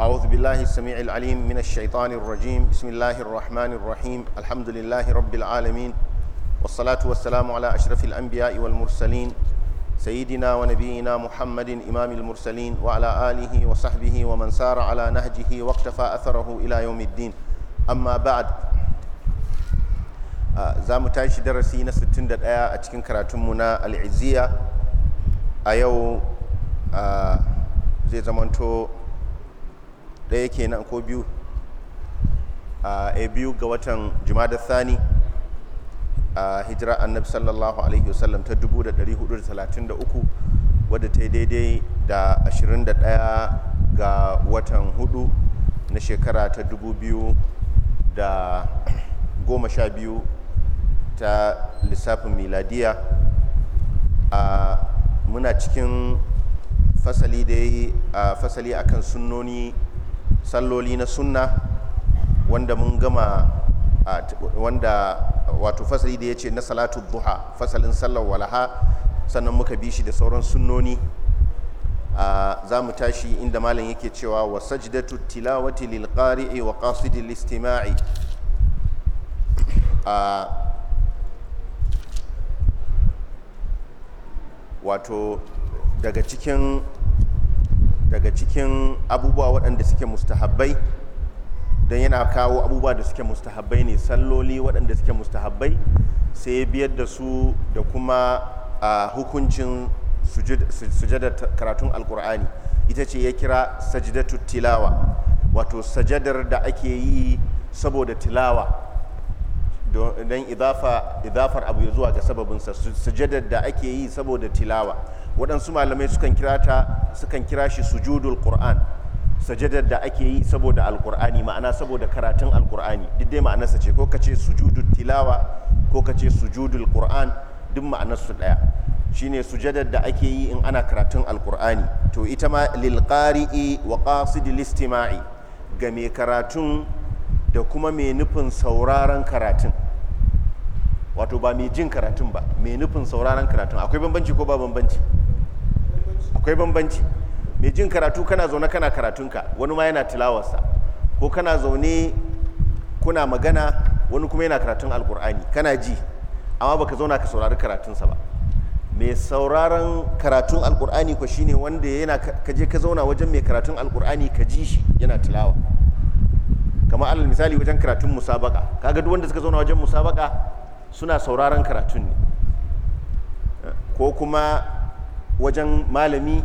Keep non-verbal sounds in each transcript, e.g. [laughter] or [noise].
أعوذ بالله السميع العليم من الشيطان الرجيم بسم الله الرحمن الرحيم الحمد لله رب العالمين والصلاة والسلام على أشرف الأنبياء والمرسلين سيدنا ونبينا محمد إمام المرسلين وعلى آله وصحبه ومن سار على نهجه واقتفى أثره إلى يوم الدين أما بعد za mu tashi darasi na 61 a cikin karatunmu na al'iziya a yau zai zamanto ɗaya kenan ko biyu a eh, biyu ga watan jumada thani a hijira annabi sallallahu alaihi wasallam ta 1433 wadda ta yi daidai da 21 ga watan hudu na shekara ta 2012 ta lissafin miladiya a muna cikin fasali dai a fasali akan sunnoni salloli na sunna wanda mun gama wanda wato fasali da ya ce na salatu duha fasalin sallar walaha sannan muka bi shi da sauran sunnoni za mu tashi inda malam yake cewa wa sajdatu tilawati lil qari'i wa qasidi listima'i wato daga cikin daga cikin abubuwa waɗanda suke mustahabbai don yana kawo abubuwa da suke mustahabbai ne salloli waɗanda suke mustahabbai sai ya biyar da su da kuma a hukuncin sujadar karatun alkur'ani ita ce ya kira sajidatu tilawa wato sajadar da ake yi saboda tilawa don idafar abu zuwa ga sababinsa sujadar da ake yi saboda tilawa waɗansu malamai sukan kira ta sukan kira shi sujudul qur'an sajadar da ake yi saboda alqur'ani ma'ana saboda karatun alqur'ani duk dai ma'anarsa ce ko kace sujudul tilawa ko kace sujudul qur'an duk ma'anarsu ɗaya shine sujadar da ake yi in ana karatun alqur'ani to ita ma lil qari'i wa qasidil listima'i ga mai karatun da kuma mai nufin sauraron karatun wato ba mai jin karatun ba mai nufin sauraron karatun akwai bambanci ko ba bambanci akwai bambanci mai jin karatu kana zaune kana karatunka wani ma yana tilawarsa ko kana zaune kuna magana wani kuma yana karatun alkur'ani kana ji amma baka zauna ka saurari karatunsa ba mai sauraron karatun alkur'ani ko shine wanda yana kaje ka zauna wajen mai karatun alkur'ani ka ji shi yana tilawa kamar alal misali wajen karatun musabaka kaga duk wanda suka zauna wajen musabaka suna sauraron karatun ne ko kuma wajen malami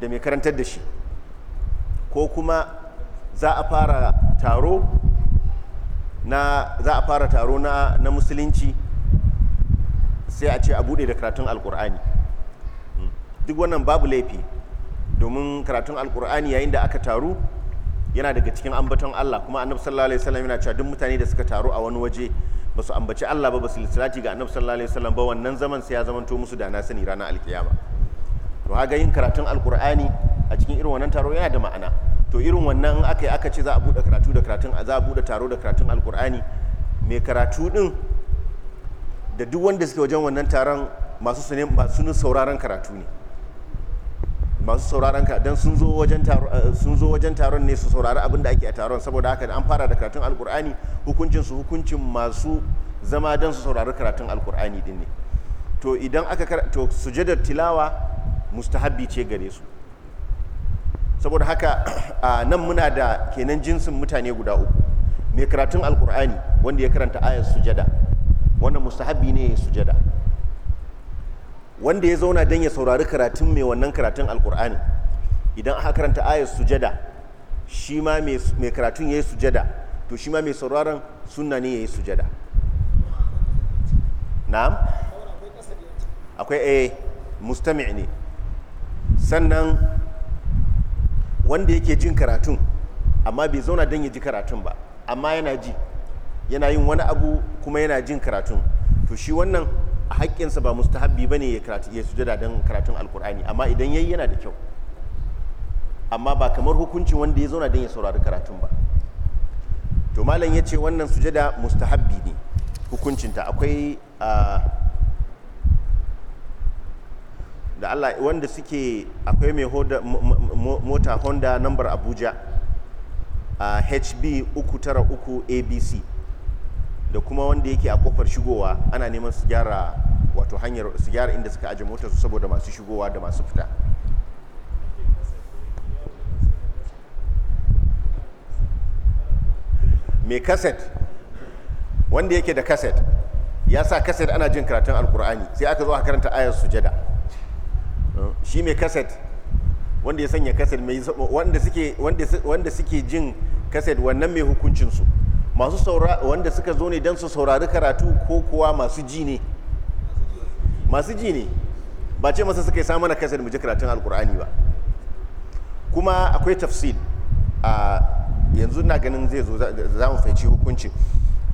da mai karantar da shi ko kuma za a fara taro na za a fara taro na, na musulunci sai a ce a bude da karatun alkur'ani duk wannan babu laifi domin karatun alkur'ani yayin da aka taru yana daga cikin ambaton allah kuma annabi sallallahu alaihi wasallam yana cewa duk mutane da suka taru a wani waje ba su ambaci Allah ba ba su lissalati ga annabi sallallahu alaihi wasallam ba wannan zaman sai ya zamanto musu da na sani ranar alkiyama to haga yin karatun alqur'ani a cikin irin wannan taro yana da ma'ana to irin wannan in aka yi aka ce za a bude karatu da karatun za a bude taro da karatun alkur'ani mai karatu din da duk wanda suke wajen wannan taron masu sunan sunan sauraron karatu ne masu sauraron ka don eh, sun zo wajen taron ne su saurari abin da ake a taron saboda haka an fara da karatun alkur'ani hukuncin su hukuncin masu zama don su saurari karatun alkur'ani din ne to idan aka to sujadar tilawa mustahabbi ce gare su saboda haka a nan muna da kenan jinsin mutane guda uku mai karatun alkur'ani wanda ya karanta ayar sujada wannan mustahabbi ne sujada wanda ya zauna don ya saurari karatun mai wannan karatun alkur'ani idan aka karanta ayar sujada shi ma mai karatun ya yi sujada to shi ma mai sauraron sunna ne ya yi sujada na'am akwai a eh, mustami ne sannan wanda yake jin karatun amma bai zauna don ya ji karatun ba amma yana ji yana yin wani abu kuma yana jin karatun to shi wannan haƙƙinsa ba habbi ba ne ya sujada don karatun alkur'ani amma idan yayi yana da kyau amma ba kamar hukuncin wanda ya zauna don ya saurari karatun ba to malam ya ce wannan sujada habbi ne hukuncinta akwai da allah wanda suke akwai mai mota honda nambar abuja hb 393 abc da kuma wanda yake a kofar shigowa ana neman su gyara wato hanyar su gyara inda suka aje motar su saboda masu shigowa da masu fita mai kaset wanda yake da kaset ya sa kaset ana jin karatun alkur'ani sai aka zo a karanta ayar sujada shi mai kaset wanda ya sanya kaset mai wanda suke jin kaset wannan mai hukuncinsu masu saura wanda suka zo ne don su saurari karatu ko kuwa masu ji ne masu ji ne ba ce masa suka yi samun kasar mu ji karatun alkur'ani ba kuma akwai tafsir a yanzu na ganin zai zo za mu fahimci hukuncin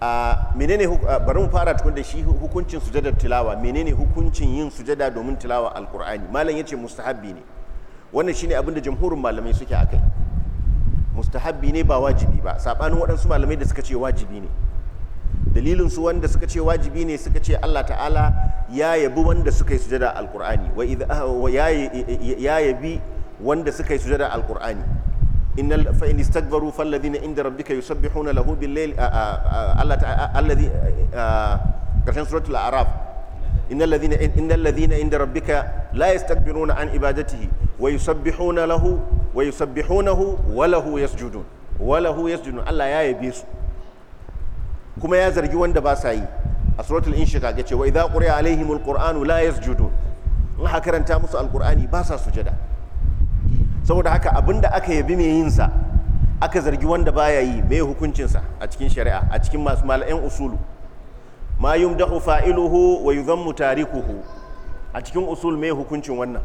a menene bari mu fara tukun da shi hukuncin sujada tilawa menene hukuncin yin sujada domin tilawa alkur'ani malam ya ce mustahabbi ne wannan shine abin da jamhurin malamai suke akai mustahabbi ne ba wajibi ba saɓanin waɗansu malamai da suka ce wajibi ne dalilin su wanda suka ce wajibi ne suka ce Allah ta'ala ya yabi wanda suka yi sujada alqur'ani wa ah, ya yabi wanda suka yi sujada alqur'ani innal fa in istakbaru inda rabbika yusabbihuna lahu bil layl Allah ta'ala alladhi suratul a'raf إن الذين إن الذين عند ربك لا wa yusabbihunahu wa lahu yasjudun wa lahu yasjudun Allah ya yabe su kuma ya zargi wanda ba sa yi a suratul inshika ga ce wa idza quriya alaihimul qur'anu la yasjudun in ha karanta musu alqur'ani ba sa sujada saboda haka abinda aka yabi mai yin sa aka zargi wanda baya yi mai hukuncin sa a cikin shari'a a cikin masu malayan usulu ma yumdahu fa'iluhu wa yudhammu tarikuhu a cikin usul mai hukuncin wannan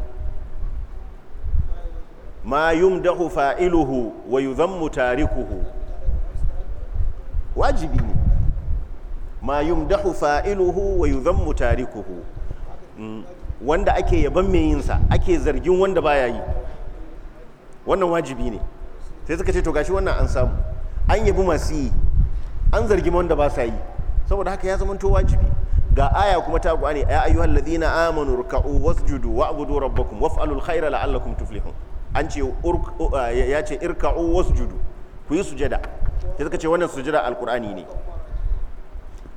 ma yumdahu fa'iluhu wa yudhammu tarikuhu wajibi ne ma yumdahu fa'iluhu wa yudhammu tarikuhu mm, wanda ake yaban mai yinsa ake zargin wanda baya yi wannan wajibi ne sai suka ce to gashi wannan an samu an yabi masu yi an zargi wanda ba sa yi saboda haka ya zama to wajibi ga aya kuma ta ne ya ayyuhal ladina amanu ruk'u wasjudu wa'budu rabbakum waf'alul khaira la'allakum tuflihun an ce ya ce irka'u judu ku yi sujada ta suka ce wannan sujada alkur'ani ne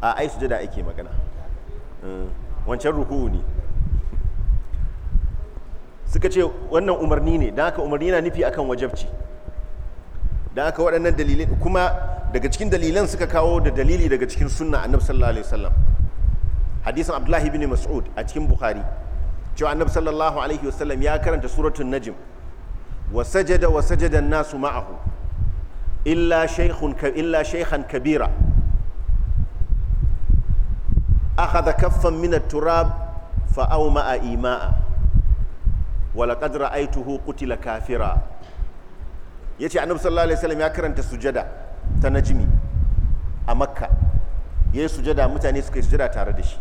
a ai sujada ake magana eh, wancan ruku'u ne suka ce wannan umarni ne don haka umarni yana nufi akan wajabci don haka waɗannan dalilai kuma daga cikin dalilan suka kawo da dalili daga cikin sunna annabi sallallahu alaihi wasallam hadisin abdullahi bin mas'ud a cikin bukhari cewa annabi sallallahu alaihi wasallam ya karanta suratul najm wa sajada nasu ma'ahu illa shaykhun illa shaykhan kabira akhadha kaffan min at-turab fa awma'a ima'a wa laqad ra'aytuhu qutila kafira yace annabi sallallahu alaihi wasallam ya karanta sujada ta najmi a makka yayi sujada mutane suka yi sujada tare da shi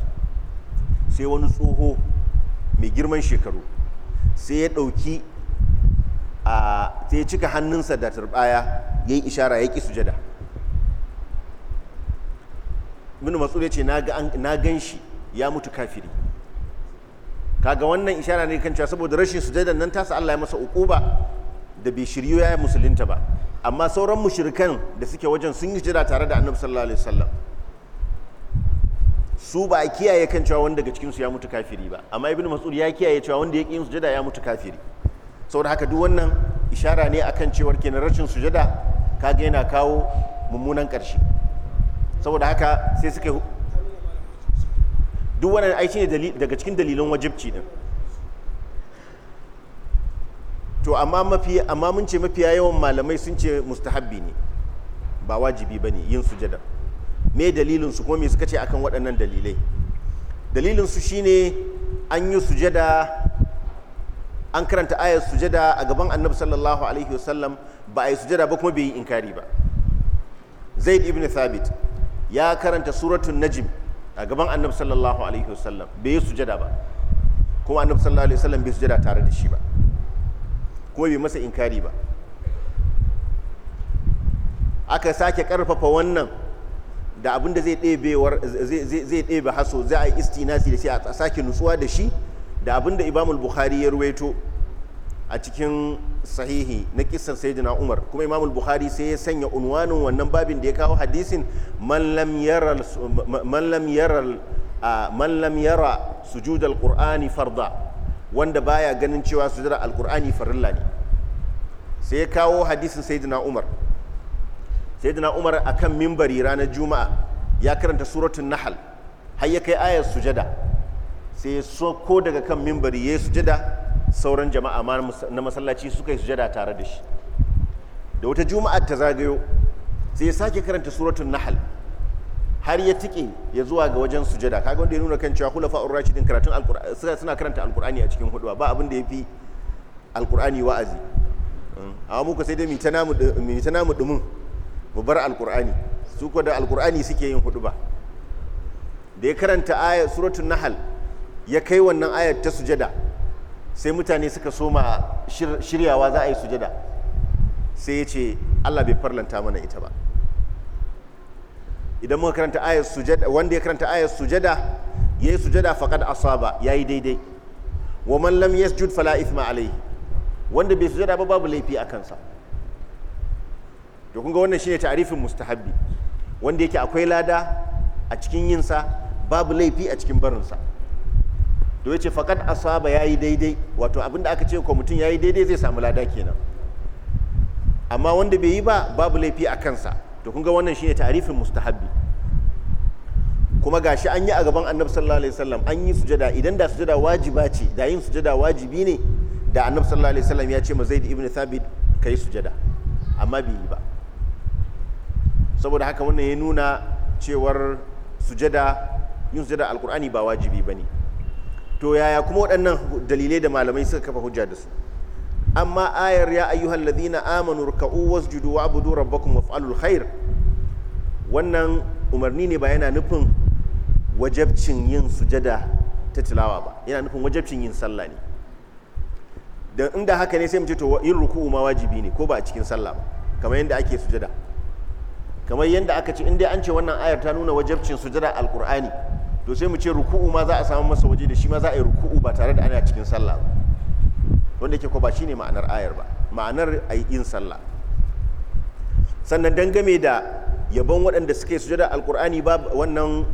sai wani tsoho mai girman shekaru sai ya ɗauki a sai cika hannunsa da turbaya ya yi ishara ya ƙi sujada ibn mas'ud ya ce na gan shi ya mutu kafiri kaga wannan ishara ne kan cewa saboda rashin sujada nan tasa Allah ya masa uquba da bai shiryu ya musulunta ba amma sauran mushrikan da suke wajen sun yi jira tare da annabi sallallahu alaihi wasallam su ba a kiyaye kan cewa wanda daga cikinsu ya mutu kafiri ba amma ibn mas'ud ya kiyaye cewa wanda ya ƙi yin sujada ya mutu kafiri saboda haka duk wannan ishara ne akan cewar kenan rashin sujada kaga yana kawo mummunan ƙarshe saboda haka sai suka duk wannan aiki ne daga cikin dalilan wajibci din to amma mafi amma mun ce mafiya yawan malamai sun ce mustahabbi ne ba wajibi ba ne yin sujada me dalilin su kuma me suka ce akan waɗannan dalilai dalilin su shine an yi sujada an karanta ayar sujada a gaban annabi sallallahu alaihi wasallam ba a yi sujada ba kuma bai yi inkari ba zaid ibn thabit ya karanta suratun Najib a gaban annabi sallallahu alaihi wasallam bai yi sujada ba kuma annabi sallallahu alaihi wasallam bai sujada tare da shi ba kuma bai masa inkari ba aka sake karfafa wannan da abin da zai ɗebe haso za a yi istinasi da shi a sake nutsuwa da shi da abinda imamul bukhari ya ruwaito a cikin sahihi na kisan sayyidina umar kuma imamul bukhari sai ya sanya unwanin wannan babin da ya kawo hadisin man lam yara sujud alqur'ani farda wanda baya ganin cewa sujud alqur'ani farilla ne sai ya kawo hadisin sayyidina umar sayyidina umar a kan mimbari ranar juma'a ya karanta suratun nahal har ya kai ayar sujada sai ya sauko daga kan mimbari ya sujada sauran jama'a na masallaci suka yi sujada tare da shi da wata juma'a ta zagayo sai ya sake karanta suratun nahal har ya tike ya zuwa ga wajen sujada kaga wanda ya nuna kan cewa hulafa ar-rashidin karatun alkur'ani suna karanta alkur'ani a cikin huduwa ba abin da fi alkur'ani wa'azi hmm. amma muka sai dai mu ta namu dumin mu bar alkur'ani su ko da alqur'ani suke yin huduba da ya karanta ayat suratun nahal ya kai wannan ayar ta sujada sai mutane suka soma shiryawa za a yi sujada sai ya ce allah bai farlanta mana ita ba idan muka karanta ayat sujada wanda ya karanta ayar sujada ya yi sujada faqad asaba ya yi daidai wa man lam yasjud fala ithma alayhi wanda bai sujada ba babu laifi a kansa to kun ga wannan shine ta'rifin mustahabbi wanda yake akwai lada a cikin yinsa babu laifi a cikin barinsa da yace fakat asaba yayi daidai wato abinda aka ce ko mutum ya yi daidai zai samu lada kenan amma wanda bai yi ba babu laifi a kansa to kun ga wannan shine ta'rifin mustahabbi kuma gashi an yi a gaban annabi sallallahu alaihi wasallam an yi sujada idan da sujada wajiba ce da yin sujada wajibi ne da annabi sallallahu alaihi wasallam ya ce ma zaid ibn thabit kai sujada amma bai yi ba saboda haka wannan ya nuna cewar sujada yin sujada alkur'ani ba wajibi bane ne to yaya kuma waɗannan dalilai da malamai suka kafa hujja da su amma ayar ya ayyuhal ladina amanu ruka'u wasjudu wa'budu rabbakum waf'alul khair wannan umarni ne ba yana nufin wajabcin yin sujada ta tilawa ba yana nufin wajabcin yin sallah ne don inda haka ne sai mu ce to yin ruku'u ma wajibi ne ko ba a cikin sallah ba kamar yadda ake sujada kamar yadda aka ce inda an ce wannan ayar ta nuna wajabcin sujada alqur'ani to sai mu ce ruku'u ma za a samu masa waje da shi ma za a yi ruku'u ba tare da ana cikin sallah ba wanda yake ko ba shine ma'anar ayar ba ma'anar a yi yin sallah sannan dangame da yabon waɗanda suke sujada alkur'ani wannan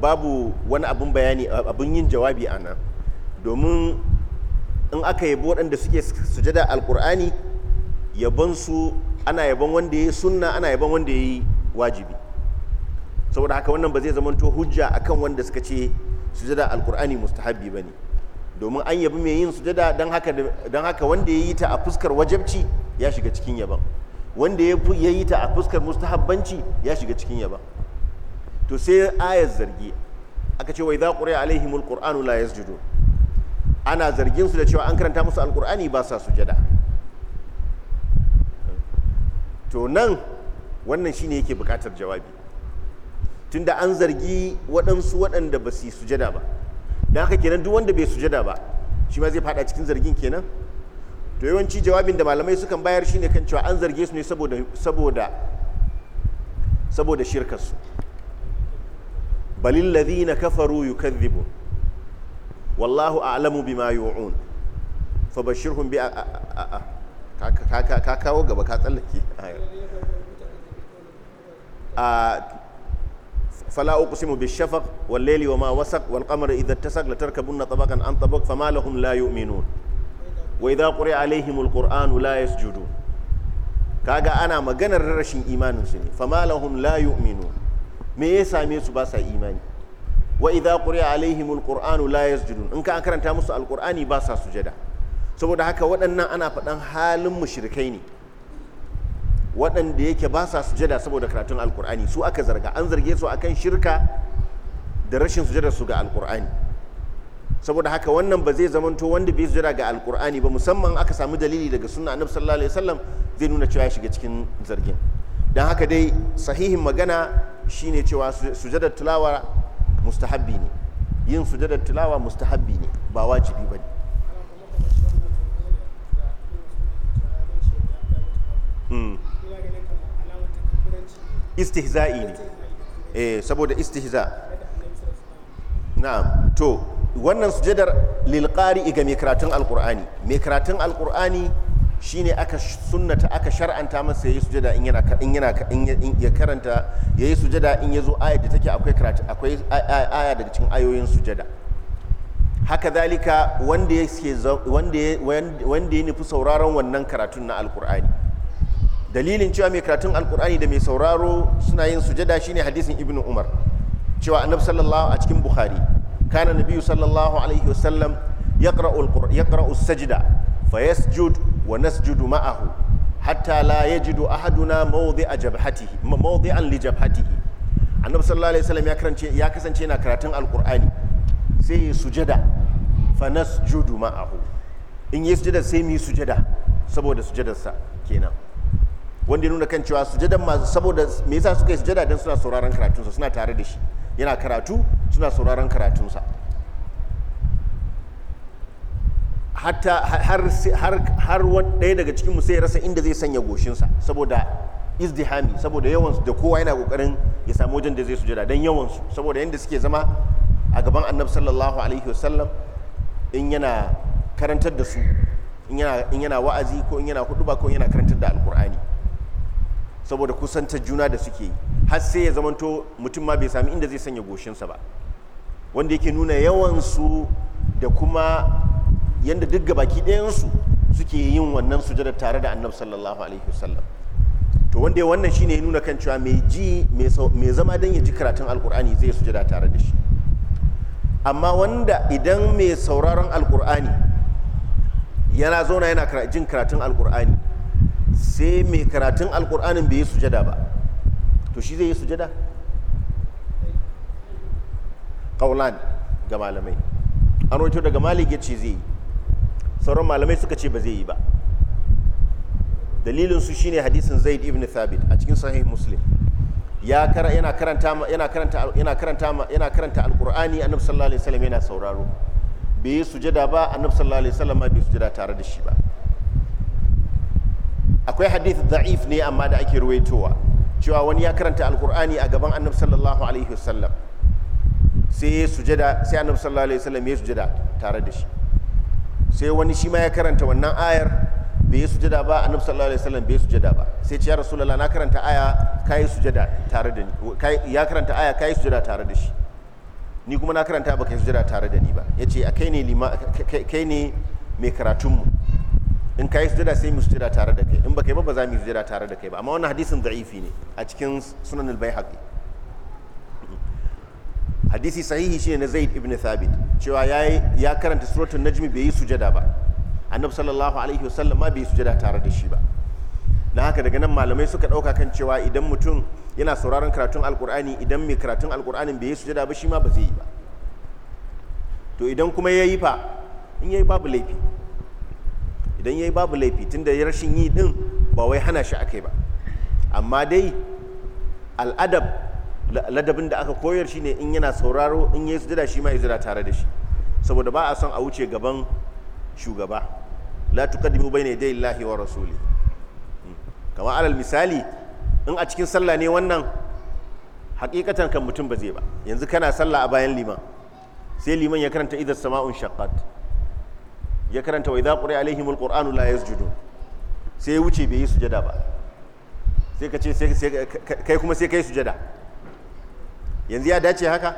babu wani abin bayani abin yin jawabi a nan domin in aka yabi waɗanda suke sujada alkur'ani yabon su ana yabon wanda ya yi sunna ana yabon wanda ya yi wajibi saboda haka wannan ba zai zama to hujja akan wanda suka ce sujada alkur'ani mustahabbi bane domin an yabi mai yin sujada don haka wanda yayi ta a fuskar wajabci ya shiga cikin yaban wanda ya yi ta a fuskar mustahabbanci ya shiga cikin yaban to sai ayar zargi aka ce wai za ƙuri'a alaihimul qur'anu la yasjudu ana zargin su da cewa an karanta musu alkur'ani ba sa sujada to nan wannan shine yake bukatar jawabi tunda an zargi waɗansu waɗanda ba su yi sujada ba don haka kenan duk wanda bai sujada ba shi ma zai fada cikin zargin kenan to yawanci jawabin da malamai sukan bayar shine kan cewa an zarge su ne saboda saboda saboda shirkarsu balil ladhina kafaru yukadhibu wallahu a'lamu bima yu'un fabashirhum bi ka kawo gaba ka tsallake a فلا أقسم بالشفق والليل وما وسق والقمر إذا اتسق لتركبن طبقا عن طبق فما لهم لا يؤمنون وإذا قرئ عليهم القرآن لا يسجدون كاغا أنا ما جنر رشين إيمان سني فما لهم لا يؤمنون me ya same su ba sa imani wa idza quri'a alaihim alqur'anu la yasjudun in ka karanta musu alqur'ani ba sa sujada saboda haka waɗannan ana faɗan halin mushrikai ne waɗanda yake ba sa sujada saboda karatun alkur'ani su aka zarga an zarge su akan shirka da rashin sujada su ga alkur'ani saboda haka wannan ba zai zamanto wanda bai sujada ga alkur'ani ba musamman aka samu dalili daga sunna annabi sallallahu alaihi wasallam zai nuna cewa ya shiga cikin zargin dan haka dai sahihin magana shine cewa sujada tilawa mustahabbi ne yin sujada tilawa mustahabbi ne ba wajibi ba ne hmm. istihza'i ne eh saboda istihza na'am to wannan sujadar lil qari'i ga mai karatun alqur'ani mai karatun alqur'ani shine aka sunnata aka shar'anta masa yayi sujada in yana in yana in ya karanta yayi sujada in yazo ayat da take akwai karatu akwai aya daga cikin ayoyin sujada haka zalika wanda ya wanda ya nufi sauraron wannan karatun na alqur'ani dalilin cewa mai karatun alkur'ani da mai sauraro suna yin sujada shine hadisin ibnu umar cewa annabi sallallahu a cikin bukhari kana nabiyyu sallallahu alaihi wasallam yaqra'u yaqra'u sajda fayasjud wa nasjudu ma'ahu hatta la yajidu ahaduna mawdi'a jabhatihi mawdi'an li jabhatihi annabi sallallahu alaihi wasallam ya karance ya kasance yana karatun alkur'ani sai ya sujada fa nasjudu ma'ahu in yi sai mu yi sujada saboda sujadarsa kenan wanda ya nuna kan cewa sujadan masu saboda me yasa suka yi sujada don suna sauraron karatunsa suna tare da shi yana karatu suna sauraron karatunsa hatta har har har ɗaya daga cikin sai ya rasa inda zai sanya goshinsa saboda izdihami saboda yawan da kowa yana kokarin ya samu wajen da zai sujada dan yawan su saboda yanda suke zama a gaban annabi sallallahu alaihi wasallam in yana karantar da su in yana wa'azi ko in yana ba ko in yana karantar da alkur'ani saboda kusanta juna da suke yi har sai ya zamanto mutum ma bai sami inda zai sanya goshinsa ba wanda yake nuna yawansu da kuma yadda duk gabaki ɗayansu suke yin wannan sujada tare da annabi sallallahu alaihi wasallam to wanda ya wannan shine ya nuna kan cewa mai ji mai zama dan ya ji karatun alkur'ani zai sujada tare da shi amma wanda idan mai sauraron alkur'ani yana zauna yana jin karatun alkur'ani sai mai karatun alkur'anin bai yi sujada ba to shi zai yi sujada ƙaunan ga malamai an roto daga malik ya ce zai yi sauran malamai suka ce ba zai yi ba dalilinsu shine hadisin zaid ibn thabit a cikin sahih muslim ya kara yana karanta yana karanta yana karanta yana karanta alqur'ani annabi sallallahu alaihi wasallam yana sauraro bai yi sujada ba annabi sallallahu alaihi wasallam bai sujada tare da shi ba akwai hadith da'if ne amma da ake ruwaitowa cewa wani ya karanta alkur'ani a gaban annabi sallallahu alaihi wasallam sai ya sujada sai annabi sallallahu alaihi wasallam ya sujada tare da shi sai wani shi ma ya karanta wannan ayar bai ya sujada ba annabi sallallahu alaihi wasallam bai sujada ba sai ce ya rasulullah na karanta aya kai sujada tare da ni kai ya karanta aya kai sujada tare da shi ni kuma na karanta ba kai sujada tare da ni ba yace kai ne lima kai ne mai karatunmu. mu in ka yi sujada sai mu sujada tare da kai in ba kai ba ba za mu sujada tare da kai ba amma wannan hadisin da'ifi ne a cikin sunan al haƙi hadisi sahihi shine na Zaid ibn Thabit cewa yayi ya karanta suratul najmi bai yi sujada ba annabi sallallahu alaihi wasallam ma bai yi sujada tare da shi ba na haka daga nan malamai suka dauka kan cewa idan mutum yana sauraron karatun alkur'ani idan mai karatun alkur'anin bai yi sujada ba shi ma ba zai yi ba to idan kuma ya yi fa in ya yi babu laifi idan yi babu laifi tun da rashin yi din ba wai hana shi aka yi ba amma dai al'adab ladabin da aka koyar shi ne in yana sauraro in yi sujada shi ma ya zira tare da shi saboda ba a son a wuce gaban shugaba la tuqaddimu bayna yaday Allahi wa rasuli hmm. kamar alal misali in a cikin sallah ne wannan hakikatan kan mutum ba zai ba yanzu kana sallah a bayan liman sai liman ya karanta idar sama'un shaqqat ya karanta wa idza quri alaihim alquranu la yasjudun sai wuce bai yi sujada ba sai ka ce kai kuma sai kai sujada yanzu ya dace haka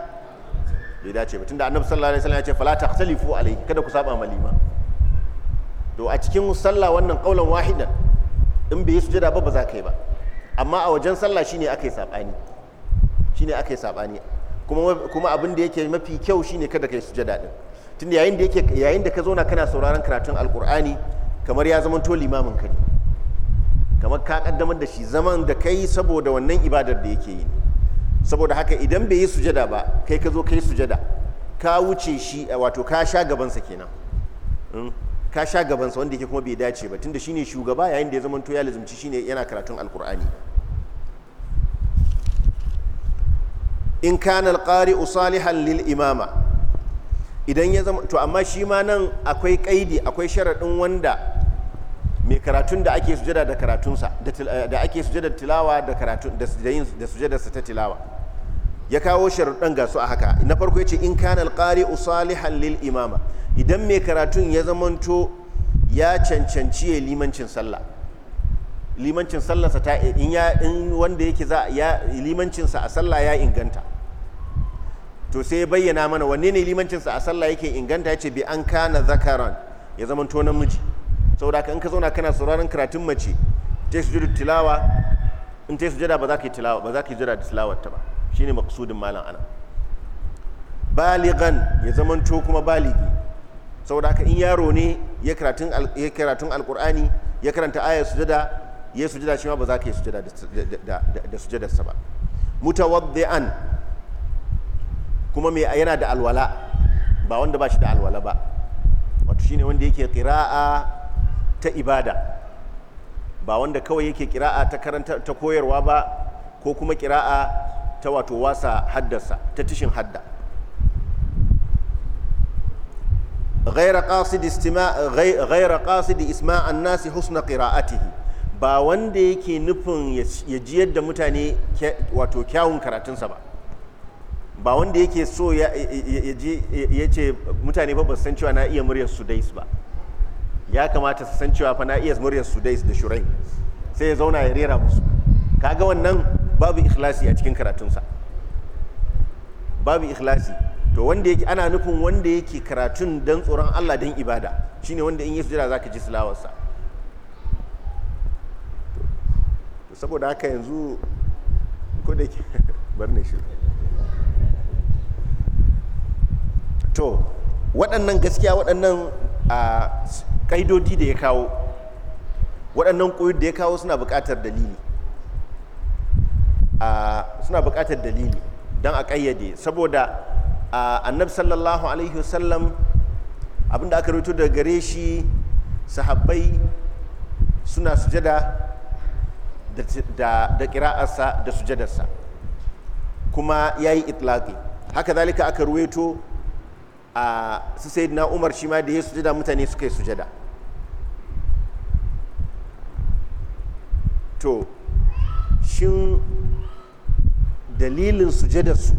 bai dace ba tunda annabi sallallahu alaihi wasallam ya ce fala tahtalifu alaihi kada ku saba malima to a cikin sallah wannan ƙaunar wahidan in bai yi sujada ba ba za ka yi ba amma a wajen sallah shine aka yi sabani shine aka yi sabani kuma kuma abin da yake mafi kyau shine kada ka yi sujada din tunda yayin da yake yayin da ka zauna kana sauraron karatun alkur'ani kamar ya zama limamin ka ne kamar ka kaddamar da shi zaman da kai saboda wannan ibadar da yake yi saboda haka idan bai yi sujada ba kai ka zo kai sujada ka wuce shi wato ka sha gabansa kenan hmm? ka sha gabansa wanda yake kuma bai dace ba tunda shine shugaba yayin da ya zama to ya lazumci shine yana karatun alkur'ani in kana alqari'u salihan lil imama idan ya zama to amma shi ma nan akwai kaidi akwai sharaɗin wanda mai karatun da ake sujada da karatunsa da eh, ake sujada tilawa da karatun da sujadarsa ta tilawa ya kawo sharuɗan ga su a haka na farko ya ce in kana alƙari usalihan lil imama idan mai karatun ya zamanto ya cancanci ya limancin sallah limancin sallarsa ta in ya in wanda yake za ya limancinsa a sallah ya inganta to sai ya bayyana mana wanne ne limancinsa a sallah yake inganta ya ce bi an kana zakaran ya zama to namiji saboda ka in ka zauna kana sauraron karatun mace ta jira tilawa in ta jira ba za ka yi tilawa ba za ka yi jira da tilawar ta ba shine maqsudin malam ana baligan ya zama to kuma baligi saboda haka in yaro ne ya karatun ya karatun alqur'ani ya karanta ayar sujada ya sujada shi ma ba za ka yi sujada da da sujadarsa ba mutawaddi'an kuma mai yana da alwala ba wanda ba shi da alwala ba wato shine wanda yake kiraa ta ibada ba wanda kawai yake kiraa ta karanta ta koyarwa ba ko kuma kiraa ta wato wasa haddasa ta tishin hadda غير قاصد استماع غير قاصد اسماع الناس حسن قراءته ba wanda yake nufin ya ji yadda mutane wato kyawun karatunsa ba ba wanda yake so ya ce mutane ba san cewa na iya muryar sudais ba ya kamata su san cewa fa na iya muryar sudais da shurain sai ya zauna ya rera musu kaga wannan babu ikhlasi a cikin karatunsa babu ikhlasi to wanda yake ana nufin wanda yake karatun dan tsoron Allah dan ibada shine wanda in yi za ka ji silawarsa saboda haka yanzu ko da [laughs] bar ne shi to waɗannan gaskiya waɗannan ƙa'idodi da ya kawo waɗannan ƙoyi da ya kawo suna buƙatar dalili suna buƙatar dalili don a ƙayyade saboda annab sallallahu alaihi wasallam abinda aka rito daga gare shi sahabbai suna sujada da ƙira'arsa da sujadarsa kuma ya yi itlaƙi haka zalika aka ruweto a su na umar shi ma da ya sujada mutane suka yi sujada to shin dalilin sujadarsu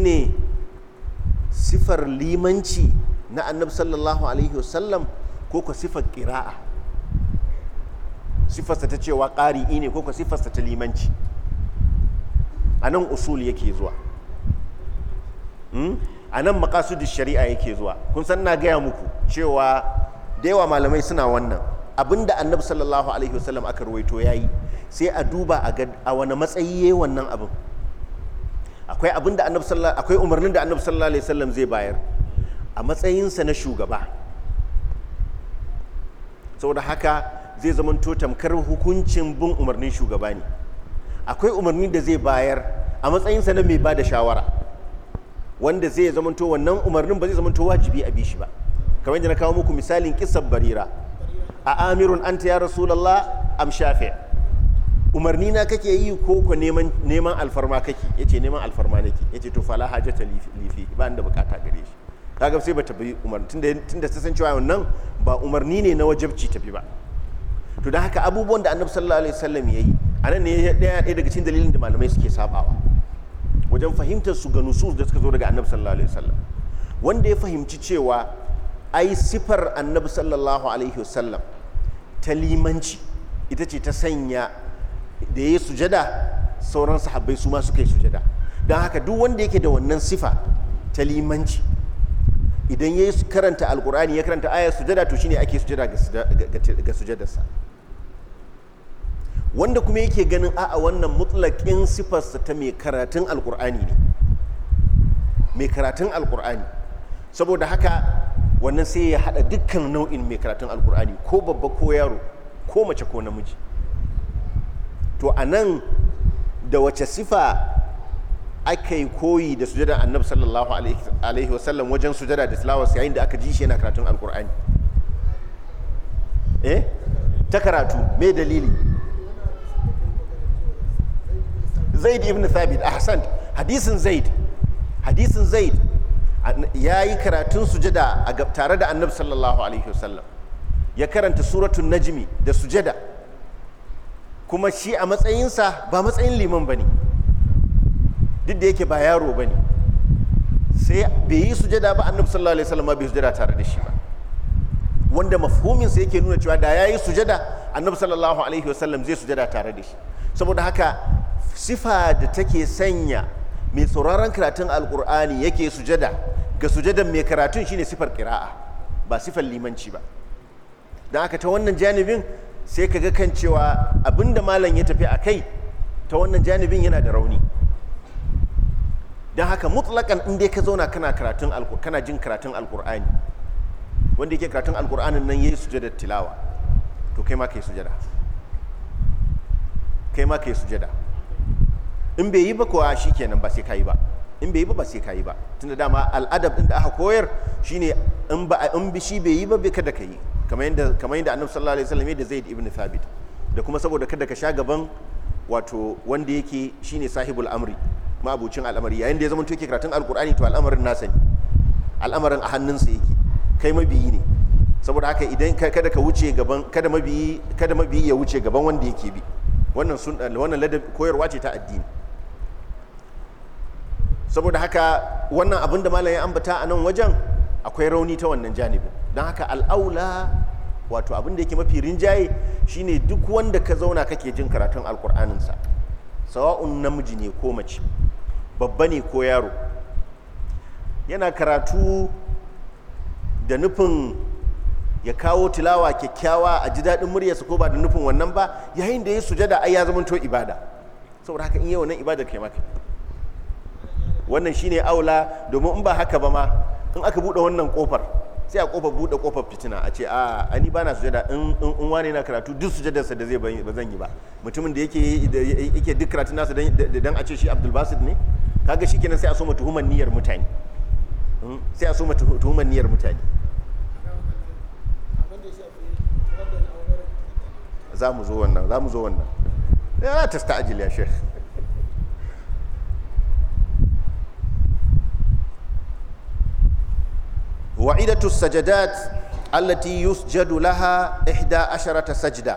ne sifar limanci na annabi sallallahu alaihi wasallam ko ka sifar ƙira'a sifarsa ta cewa ƙari'i ne ko ka sifarsa ta limanci a nan usul yake zuwa hmm? a nan makasudin shari'a yake zuwa kun san na gaya muku cewa da yawa malamai suna wannan abinda annabi sallallahu alaihi wasallam aka ruwaito ya yi sai a duba a wani matsayi ya wannan abin akwai abin da annabi sallallahu akwai umarnin da annabi sallallahu alaihi wasallam zai bayar a matsayinsa na shugaba saboda haka zai zamanto tamkar hukuncin bin umarnin shugaba ne akwai umarni da zai bayar a matsayinsa na mai ba da shawara wanda zai zamanto wannan umarnin ba zai zamanto wajibi a bi shi ba kamar yadda na kawo muku misalin kisan barira a amirun anta ya rasulallah am shafi umarni na kake yi ko ko neman neman alfarma kake yace neman alfarma nake yace to fala hajata lifi ba inda bukata gare shi kaga sai ba bi umarni tunda tunda ta san cewa wannan ba umarni ne na wajibci ta bi ba to dan haka abubuwan da annabi sallallahu alaihi wasallam yayi anan ne ya daya daga cikin dalilin da malamai suke sabawa wajen fahimtar su ga nusus da suka zo daga annabi sallallahu alaihi wasallam wanda ya fahimci cewa ai sifar annabi sallallahu alaihi wasallam ta limanci ita ce ta sanya da ya sujada sauran sahabbai su ma suka yi sujada don haka duk wanda yake da wannan sifa ta limanci idan ya karanta alkur'ani ya karanta ayar sujada to shine ake sujada ga sujadarsa wanda kuma yake ganin a'a wannan mutlaƙin siffarsa ta mai karatun alkur'ani ne mai karatun alkur'ani saboda haka wannan sai ya haɗa dukkan nau'in mai karatun alkur'ani ko babba ko yaro ko mace ko namiji to a nan da wace sifa aka yi koyi da sujada annabi sallallahu alaihi wasallam wajen sujada da tilawas yayin da aka ji shi yana karatun alkur'ani eh ta karatu me dalili zaid ibn thabit ahsan hadisin zaid hadisin zaid ya yi karatun sujada tare da annabi sallallahu alaihi wasallam ya karanta suratun najmi da sujada kuma shi a matsayinsa ba matsayin liman ba ne duk da yake ba yaro ba ne sai bai yi sujada ba annabi sallallahu alaihi wasallam bai sujada tare da shi ba wanda mafhuminsa yake nuna cewa da ya yi sujada annabi sallallahu alaihi wasallam zai sujada tare da shi saboda haka sifa da take sanya mai sauraron karatun alkur'ani yake sujada ga sujadan mai karatun shine sifar kira'a ba sifar limanci ba don haka ta wannan janibin sai ka ga kan cewa abinda malam ya tafi a kai ta wannan janibin yana da rauni don haka mutlakan in dai ka zauna kana karatun kana jin karatun alkur'ani wanda yake karatun alkur'anin nan yayi sujadar tilawa to kai ma kai sujada kai ma kai sujada in bai yi ba shi kenan ba sai kai ba in bai yi ba ba sai kai ba tunda dama al'adab din da aka koyar shine in ba in bi shi bai yi ba bai kada kai kamar yadda kamar yadda Annabi sallallahu alaihi wasallam da Zaid ibn Thabit da kuma saboda kada ka sha gaban wato wanda yake shine sahibul amri mabucin al'amari yayin da ya zama to yake karatun alqur'ani to al'amarin nasa ne al'amarin a hannunsa yake kai mabiyi ne saboda haka idan kada ka wuce gaban kada mabiyi kada mabiyi ya wuce gaban wanda yake bi wannan sun koyarwa ce ta addini saboda haka wannan abin da malam ya ambata a nan wajen akwai rauni ta wannan janibin don haka al'aula wato abin da yake mafi rinjaye shine duk wanda ka zauna kake jin karatun sa sawa'un namiji ne ko mace babba ne ko yaro yana karatu da nufin ya kawo tilawa kyakkyawa a ji daɗin muryarsa ko ba da nufin wannan ba yayin da ya sujada ai ya to ibada saboda haka in yi wannan ibadar kai maka wannan shine aula domin in ba haka ba ma in aka buɗe wannan kofar sai a kofar buɗe kofar fitina a ce a ani ba na sujada in in wani na karatu duk sujadarsa da zai ba zan yi ba mutumin da yake yake duk karatun nasa dan a ce shi Abdul Basit ne kaga shikenan sai a so tuhumar niyyar mutane hmm, sai a so tuhumar niyyar mutane za mu zo wannan za mu zo wannan ya na tasta'ajil ya sheikh wa'idatu sajadat allati yusjadu laha ihda asharata sajda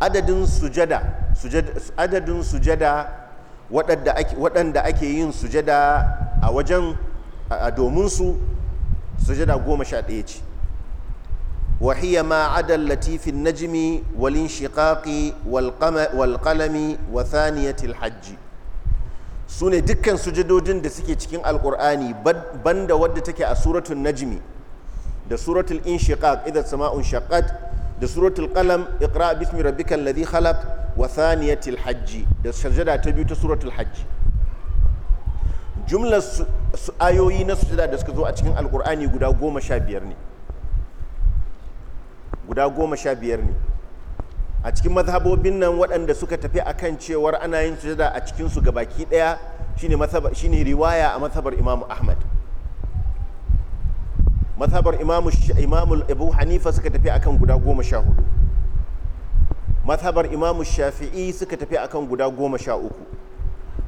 adadin sujada adadin sujada waɗanda ake yin sujada a wajen a domin su sujada goma sha ɗaya ce وهي ما عدا التي في النجم والانشقاق والقلم وثانية الحج سنة دكان سجدوجن da suke cikin alqur'ani banda wadda take a suratun najmi da suratul inshiqaq idza sama'un shaqqat da suratul qalam iqra bismi rabbikal ladhi khalaq wa thaniyatil hajj da sajada ta biyu ta suratul hajj jumlar ayoyi na sujada da suka zo a cikin alqur'ani guda goma sha biyar ne guda goma sha biyar ne a cikin mazhabobin nan waɗanda suka tafi akan cewar ana yin sujada a cikinsu ga baki ɗaya shine riwaya a mazhabar imamu ahmad mazhabar imamu imamu abu hanifa suka tafi akan guda goma sha hudu mazhabar imamu shafi'i suka tafi akan guda goma sha uku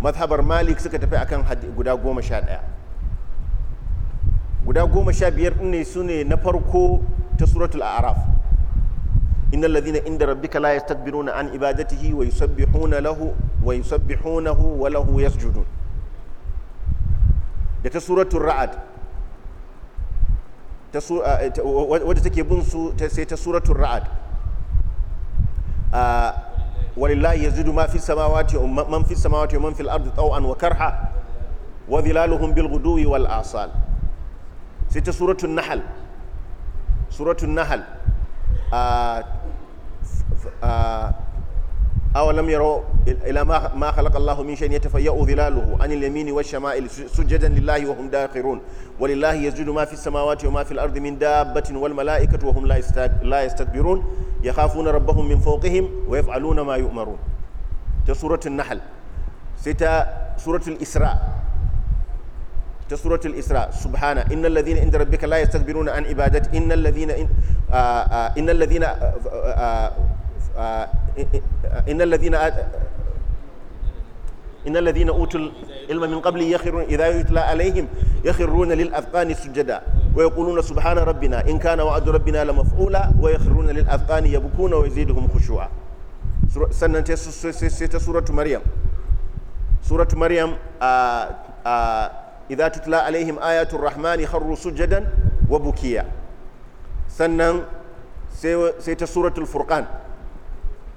mazhabar malik suka tafi akan guda goma sha ɗaya guda goma sha biyar ne su ne na farko ta suratul araf إن الذين عند ربك لا يستكبرون عن عبادته ويسبحون له ويسبحونه وله يسجدون da ta suratul ra'ad wadda take bin su sai ta suratul ra'ad walillahi yazidu ma fi samawati man fi samawati man fil ardi taw'an wa karha wa dhilaluhum bil ghuduwi wal asal sai ta suratul nahl suratul nahl awalam yaro ila ma khalaqa Allahu min shay'in yatafayya'u yamini wash shama'il sujadan lillahi wa samawati wa ma fil ardi min dabbatin wal mala'ikatu wa hum آه، آه، إن الذين إن الذين أوتوا العلم من قبل يخرون إذا يتلى عليهم يخرون للأذقان سجدا ويقولون سبحان ربنا إن كان وعد ربنا لمفعولا ويخرون للأذقان يبكون ويزيدهم خشوعا سنة سورة مريم سورة مريم آآ آه، آآ إذا تتلى عليهم آيات الرحمن خروا سجدا وبكيا سنة سورة الفرقان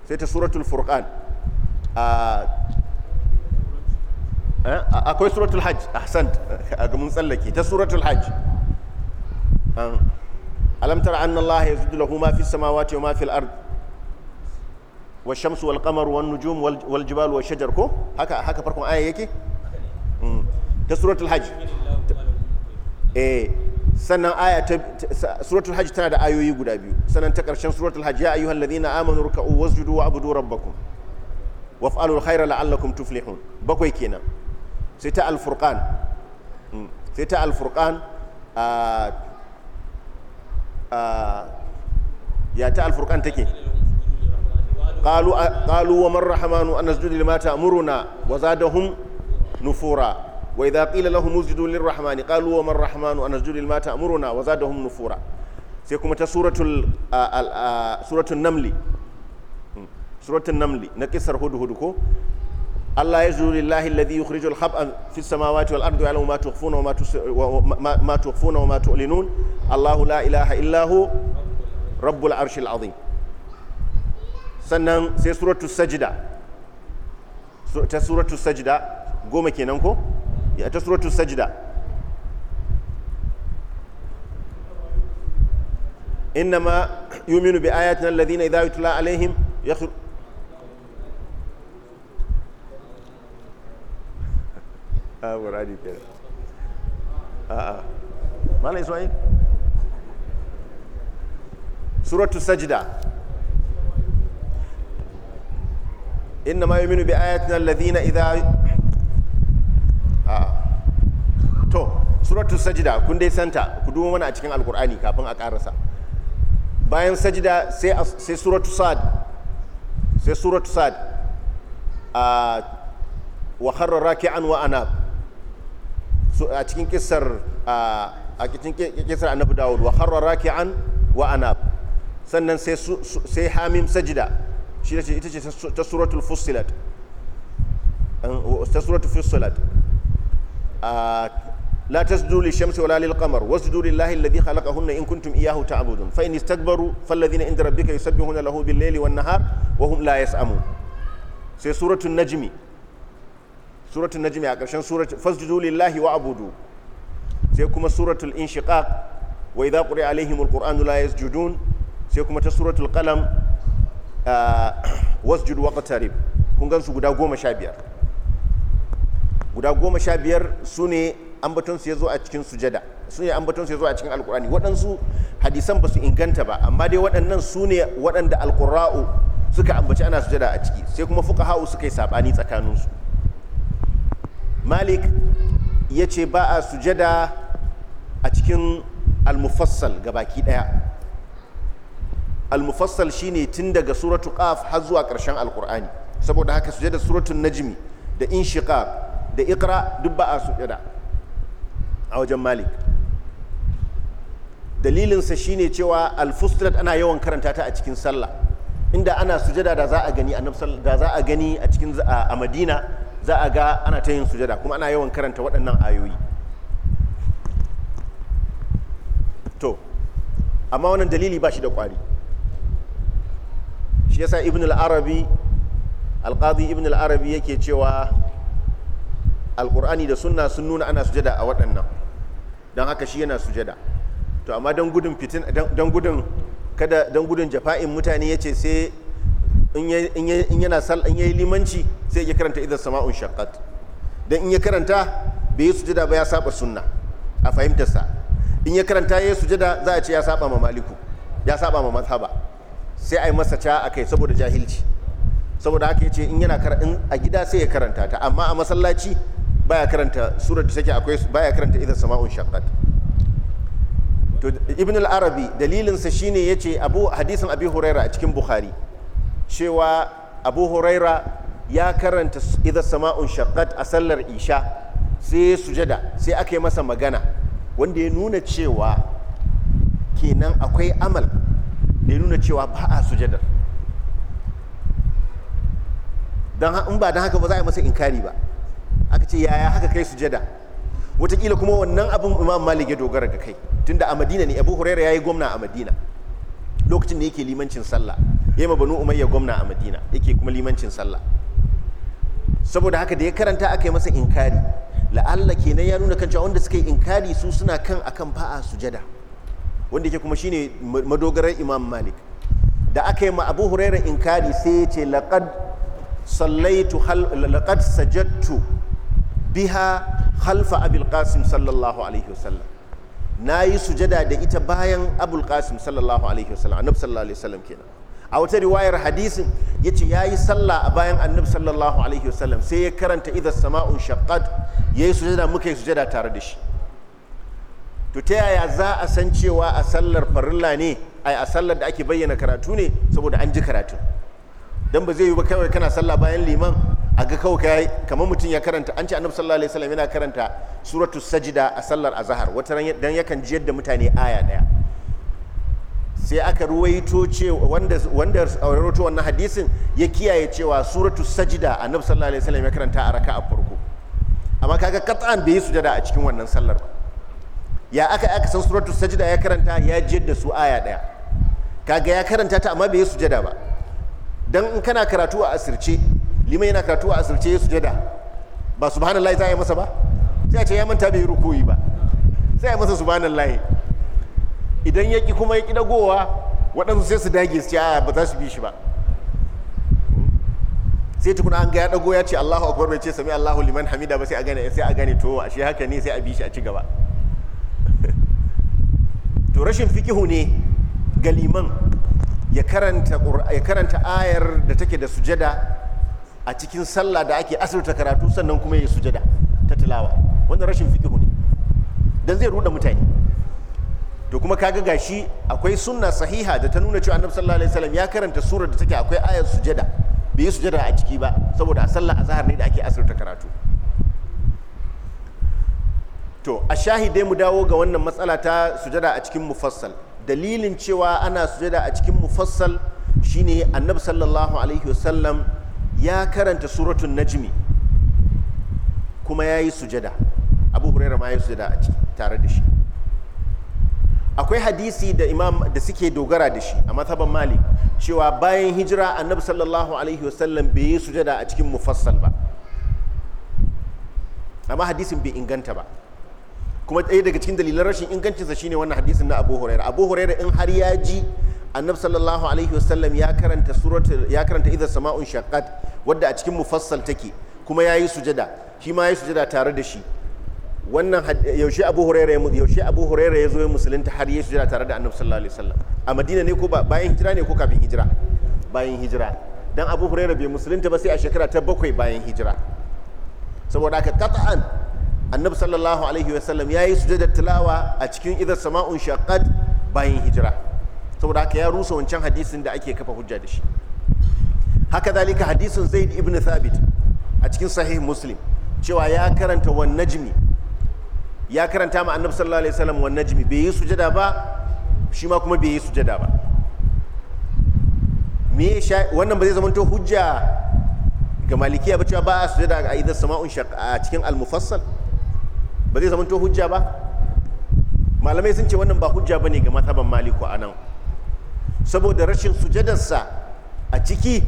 sai ta suratul furqan eh, akwai suratul hajj ahsant a eh, gamin tsallake ta suratul hajj alam tara anna allaha lahu wa sannan aya ta suratul hajj tana da ayoyi guda biyu sannan ta karshen suratul hajj ya ayyuhal ladina amanu wasjudu wa abudu rabbakum la'allakum tuflihun bakwai kenan sai ta alfurqan hmm. sai ta alfurqan ya ta alfurqan take qalu qalu wa man rahmanu an nasjudu lima ta'muruna wa zadahum nufura wa idza qila lahum usjudu lirrahmani qalu wa man rahmanu an nasjudu lima ta'muruna wa zadahum sai kuma ta suratul namli hmm. suratul namli na kisar hudhud ko Allah ya zuri lillahi alladhi yukhrijul hab'a fi samawati wal ardi ya'lamu ma tukhfuna wa ma tukhfuna wa ma tu'linun Allahu la ilaha illa rabbul sannan sai ta suratu sajda goma kenan ko ya ta suratul sajda إنما يؤمن بآياتنا الذين إذا يتلى عليهم يخر [laughs] آه ورادي كده آه آه ما لي سوي سورة السجدة إنما يؤمن بآياتنا الذين إذا suratul sajida kun dai santa ku duba mana a cikin alkur'ani kafin a karasa bayan sajida sai sai suratul sad sai suratul sad a wa kharra raki'an wa anab a cikin kissar a cikin kissar annabi dawud wa kharra raki'an wa anab sannan sai sai hamim sajida shi ita ce ta suratul fussilat ta suratul fussilat لا تسجدوا للشمس ولا للقمر واسجدوا لله الذي خلقهن إن كنتم إياه تعبدون فإن استكبروا فالذين عند ربك يسبحون له بالليل والنهار وهم لا يسأمون سي سورة النجم سورة النجم عشان سورة فاسجدوا لله وعبدوا سي كما سورة الانشقاق وإذا قرئ عليهم القرآن لا يسجدون سي كما سورة القلم آه واسجد وقترب كون غنسو غدا 15 غدا 15 سنه ambaton su zo a cikin sujada su ne ambaton su zo a cikin alkurani waɗansu hadisan ba su inganta ba amma dai waɗannan su ne waɗanda alqurra'u suka ambaci ana sujada a ciki sai kuma fuka hau suka yi saɓani tsakaninsu malik ya ce ba a sujada a cikin almufassal baki ɗaya almufassal shine tun daga suratu qaf har zuwa ƙarshen alkur'ani saboda haka sujada suratun najmi da inshiqaq da iqra duk ba a sujada a wajen malik dalilinsa shine cewa alfustrat ana yawan karanta ta a cikin sallah inda ana sujada da za a gani da za a gani a cikin a madina za a ga ana ta yin sujada kuma ana yawan karanta waɗannan ayoyi to amma wannan dalili ba shi da ƙwari shi yasa ibn al-arabi al-qadi ibn al-arabi yake cewa alkur'ani da sunna sun nuna ana sujada a waɗannan don haka shi yana sujada to amma don gudun fitin don gudun kada don gudun jafa'in mutane ya ce sai in yana sal in yi limanci sai ya karanta idan sama'un shakat don in ya karanta bai yi sujada ba ya saba sunna a fahimtarsa in ya karanta ya yi sujada za a ce ya saba ma maliku ya saba ma mazhaba sai a yi masa ca a kai saboda jahilci saboda haka ya ce in yana a gida sai ya karanta ta amma a masallaci baya karanta surar da take akwai baya karanta idan sama'un shaqqat to ibn al-arabi dalilinsa shine yace abu hadisin abi huraira a cikin bukhari cewa abu huraira ya karanta idan sama'un shaqqat a sallar isha sai sujada sai aka yi masa magana wanda ya nuna cewa kenan akwai amal da ya nuna cewa ba a sujadar don in ba don haka ba za a yi masa inkari ba aka ce yaya haka kai sujada watakila kuma wannan abin imam malik ya dogara ga kai tunda a madina ne abu huraira ya yi gwamna a madina lokacin da yake limancin sallah ya yi mabanu umayya gwamna a madina yake kuma limancin sallah saboda haka da ya karanta aka yi masa inkari la'alla kenan ya nuna kan cewa wanda suka yi inkari su suna kan akan fa'a sujada wanda yake kuma shine madogarar imam malik da aka yi ma abu huraira inkari sai ya ce laqad sallaitu laqad sajadtu biha khalfa abul qasim sallallahu alaihi wasallam na yi sujada da ita bayan abul qasim sallallahu alaihi wasallam annabi sallallahu alaihi wasallam kenan a wata riwayar hadisin ya ce ya yi sallah a bayan annabi sallallahu alaihi wasallam sai ya karanta idan sama'un shaqqat ya yi sujada muka yi sujada tare da shi to ta yaya za a san cewa a sallar farilla ne a sallar da ake bayyana karatu ne saboda an ji karatu don ba zai yi ba kawai kana sallah bayan liman a ga kawai kai kamar mutum ya karanta an ce annabi sallallahu alaihi wasallam yana karanta suratul sajida a sallar azhar wata ran dan yakan jiyar da mutane aya daya sai aka ruwaito ce wanda wanda ruwaito wannan hadisin ya kiyaye cewa suratul sajida annabi sallallahu alaihi wasallam ya karanta a raka'a farko amma kaga qat'an bai sujada a cikin wannan sallar ba ya aka aka san suratul sajida ya karanta ya jiyar da su aya daya kaga ya karanta ta amma bai sujada ba dan in kana karatu a asirce liman yana karatu a asirce ya sujada ba subhanallahi za a yi masa ba sai a ce ya manta bai rukuyi ba sai a yi masa subhanallahi idan ya ki kuma ya ki dagowa waɗansu sai su dage su ce a ba za su bi shi ba sai tukuna an ga ya dago ya ce Allahu akbar bai ce sami Allahu liman hamida ba sai a gane sai a gane to haka ne sai a bi shi a ci gaba [laughs] to rashin fikihu ne ga liman ya karanta ayar da take da sujada a cikin sallah da ake asirta karatu sannan kuma ya sujada ta tilawa wanda rashin fiqihu ne dan zai ruɗa mutane to kuma kaga gashi akwai sunna sahiha da ta nuna cewa annabi sallallahu alaihi wasallam ya karanta surar da take akwai ayar sujada bai yi sujada a ciki ba saboda a sallah azhar ne da ake asirta karatu to a shahidai mu dawo ga wannan matsala ta sujada a cikin mufassal dalilin cewa ana sujada a cikin mufassal shine annabi sallallahu alaihi wasallam ya karanta suratun najmi kuma ya yi sujada abu huraira ma ya yi sujada a tare da shi akwai hadisi da imam da suke dogara da shi a mataban malik cewa bayan hijira annabi sallallahu alaihi wasallam bai yi sujada a cikin mufassal ba amma hadisin bai inganta ba kuma ɗaya daga cikin dalilan rashin ingancinsa shine wannan hadisin na abu huraira abu huraira in har ya ji annabi sallallahu alaihi wasallam ya karanta suratul ya karanta idza sama'un shaqqat wadda a cikin mufassal take kuma yayi sujada shi ma yayi sujada tare da shi wannan yaushe Abu Huraira ya yaushe Abu Huraira ya zo ya musulunta har yayi sujada tare da annabi sallallahu alaihi wasallam a Madina ne ko bayan hijira ne ko kafin hijira bayan hijira dan Abu Huraira bai musulunta ba sai a shekara ta bakwai bayan hijira saboda haka qat'an annabi sallallahu alaihi wasallam yayi sujada tilawa a cikin idza sama'un shaqqat bayan hijira saboda haka ya rusa wancan hadisin da ake kafa hujja da shi haka zalika hadisin zaid ibn thabit a cikin sahih muslim cewa ya karanta wan najmi ya karanta ma annabi sallallahu alaihi wasallam wan najmi bai yi sujada ba shi ma kuma bai yi sujada ba me wannan ba zai zama to hujja ga malikiya ba cewa ba a sujada ga idan sama'un a cikin al-mufassal ba zai zama to hujja ba malamai sun ce wannan ba hujja bane ga mazhaban maliku anan saboda rashin sujadarsa a ciki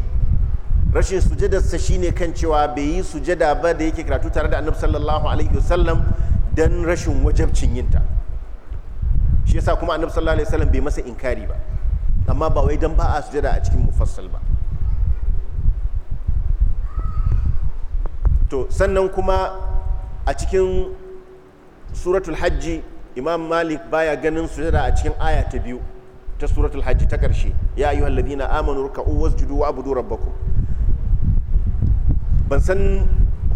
rashin sujadarsa shine kan cewa bai yi sujada ba da yake karatu tare da annabi sallallahu alaihi wasallam dan rashin wajabcin yinta shi yasa kuma annabi sallallahu alaihi wasallam bai masa inkari ba amma ba wai dan ba a sujada a cikin mufassal ba to sannan kuma a cikin suratul hajji imam malik baya ganin sujada a cikin aya ta biyu ta suratul hajji ta karshe ya ayyuhal ladina amanu ruk'u wasjudu wa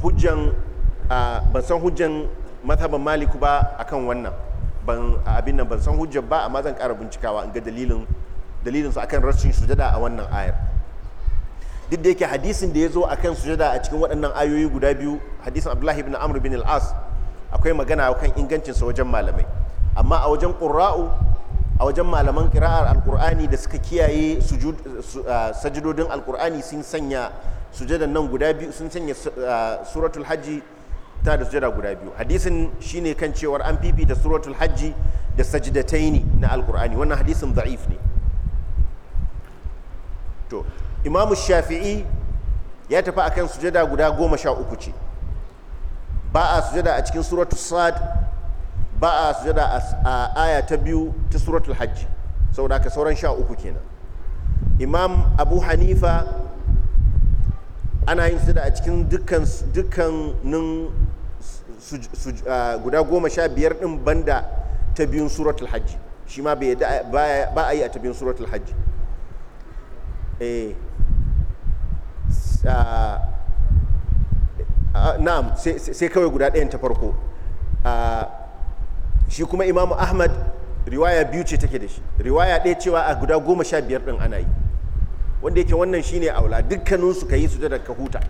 hujjan ban san hujjan mazhaban maliku ba akan wannan ban abin nan ban san hujjan ba amma zan kara bincikawa in ga dalilin su akan rashin sujada a wannan ayar duk da yake hadisin da ya zo akan sujada a cikin waɗannan ayoyi guda biyu hadisin abdullahi ibn amr bin al akwai magana kan ingancin wajen malamai amma a wajen ƙura'u a wajen malaman kira'ar alkur'ani da suka kiyaye sajidodin alkur'ani sun sanya sujadan nan guda biyu sun sanya suratul hajji ta da sujada guda biyu hadisin shine kan cewar an fifita suratul hajji da sajidataini na alkur'ani wannan hadisin za'if ne to imamu shafi'i ya tafi a akan sujada guda goma sha uku ce ba a sujada a cikin suratul sad ba a sujada a aya ta biyu ta suratul hajji saboda haka sauran sha uku kenan imam abu hanifa ana yin sujada a cikin dukkanin guda goma sha biyar din banda ta biyun suratul hajji shi ma ba a yi a ta biyun suratul hajji e, na'am sai kawai guda ɗayan ta farko shi kuma imamu ahmad riwaya biyu ce take da shi riwaya ɗaya cewa a guda goma sha biyar ɗin ana yi wanda yake wannan shi ne aula dukkaninsu ka yi su da ka huta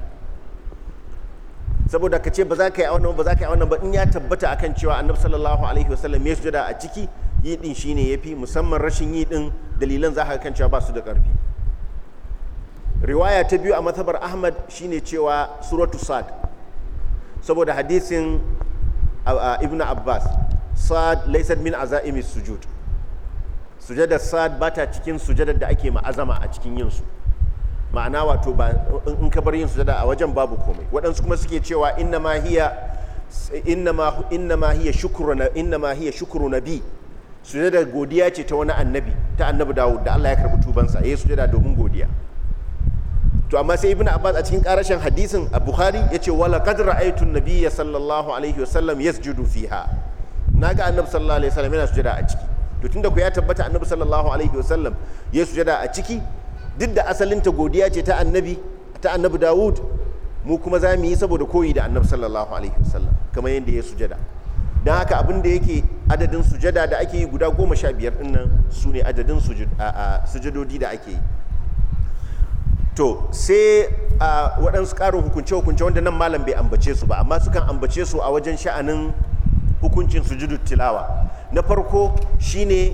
saboda ka ce ba za ka yi a wannan ba za ka yi wannan ba in ya tabbata akan cewa annabi sallallahu alaihi wasallam ya sujada a ciki yi din ne yafi musamman rashin yi din dalilan za ka kan cewa ba su da karfi riwaya ta biyu a matsabar ahmad shine cewa suratu sad saboda hadisin ibn abbas sad laysat min azaimi sujud sujada sad ba ta cikin sujadar da ake ma'azama a cikin yin su ma'ana wato ba in ka bar yin sujada a wajen babu komai waɗansu kuma suke cewa inna ma hiya inna ma hiya shukru na inna ma hiya shukru nabi sujada godiya ce ta wani annabi ta annabi Dawud da Allah ya karbi tubansa yayi sujada domin godiya to amma sai ibnu abbas a cikin karashin hadisin a bukhari yace wala qad ra'aytu an-nabiyya sallallahu alaihi wasallam yasjudu fiha na ga annabi sallallahu alaihi wasallam yana sujada a ciki to tunda ku ya tabbata annabi sallallahu alaihi wasallam ya sujada a ciki duk da asalin ta godiya ce ta annabi ta annabi dawud mu kuma za mu yi saboda koyi da annabi sallallahu alaihi wasallam kamar yadda ya sujada don haka abin da yake adadin sujada da ake yi guda goma sha biyar ɗin nan su ne adadin sujadodi da ake yi to sai waɗansu ƙarin hukunce-hukunce wanda nan malam bai ambace su ba amma sukan ambace su a wajen sha'anin hukuncin sujudu tilawa na farko shine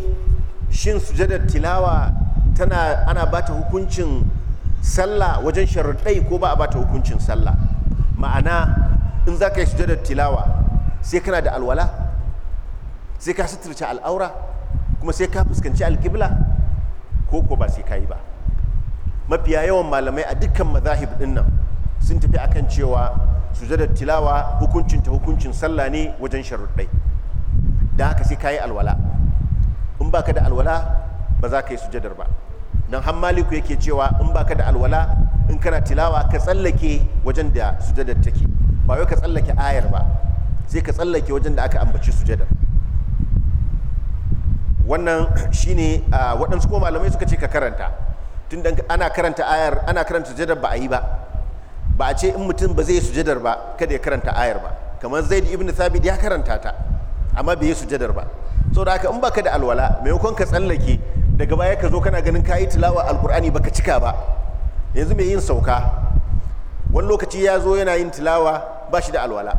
shin sujudar tilawa tana ana bata hukuncin sallah wajen sharuɗai ko ba a bata hukuncin sallah ma'ana in za ka yi sujudar tilawa sai kana da alwala sai ka suturce al'aura kuma sai ka fuskanci alkibla ko ko ba sai ka yi ba mafiya yawan malamai a dukkan mazahib ɗin nan sun tafi akan cewa sujadar tilawa hukuncin ta hukuncin sallah ne wajen sharuɗai da haka sai kayi alwala in baka da alwala ba za ka yi sujadar ba don han maliku yake cewa in baka da alwala in kana tilawa ka tsallake wajen da sujadar take ba wai ka tsallake ayar ba sai ka tsallake wajen da aka ambaci sujadar wannan [clears throat] shine ah, waɗansu ko malamai suka ce ka karanta tun ana karanta ayar ana karanta sujadar ba a yi ba ba a ce in mutum ba zai yi sujadar ba kada ya karanta ayar ba kamar zaid ibn thabit ya karanta ta amma bai yi sujadar ba saboda haka in baka da alwala maimakon ka tsallake daga baya ka zo kana ganin kayi tilawa alkur'ani baka cika ba yanzu mai yin sauka wani lokaci ya zo yana yin tilawa ba shi da alwala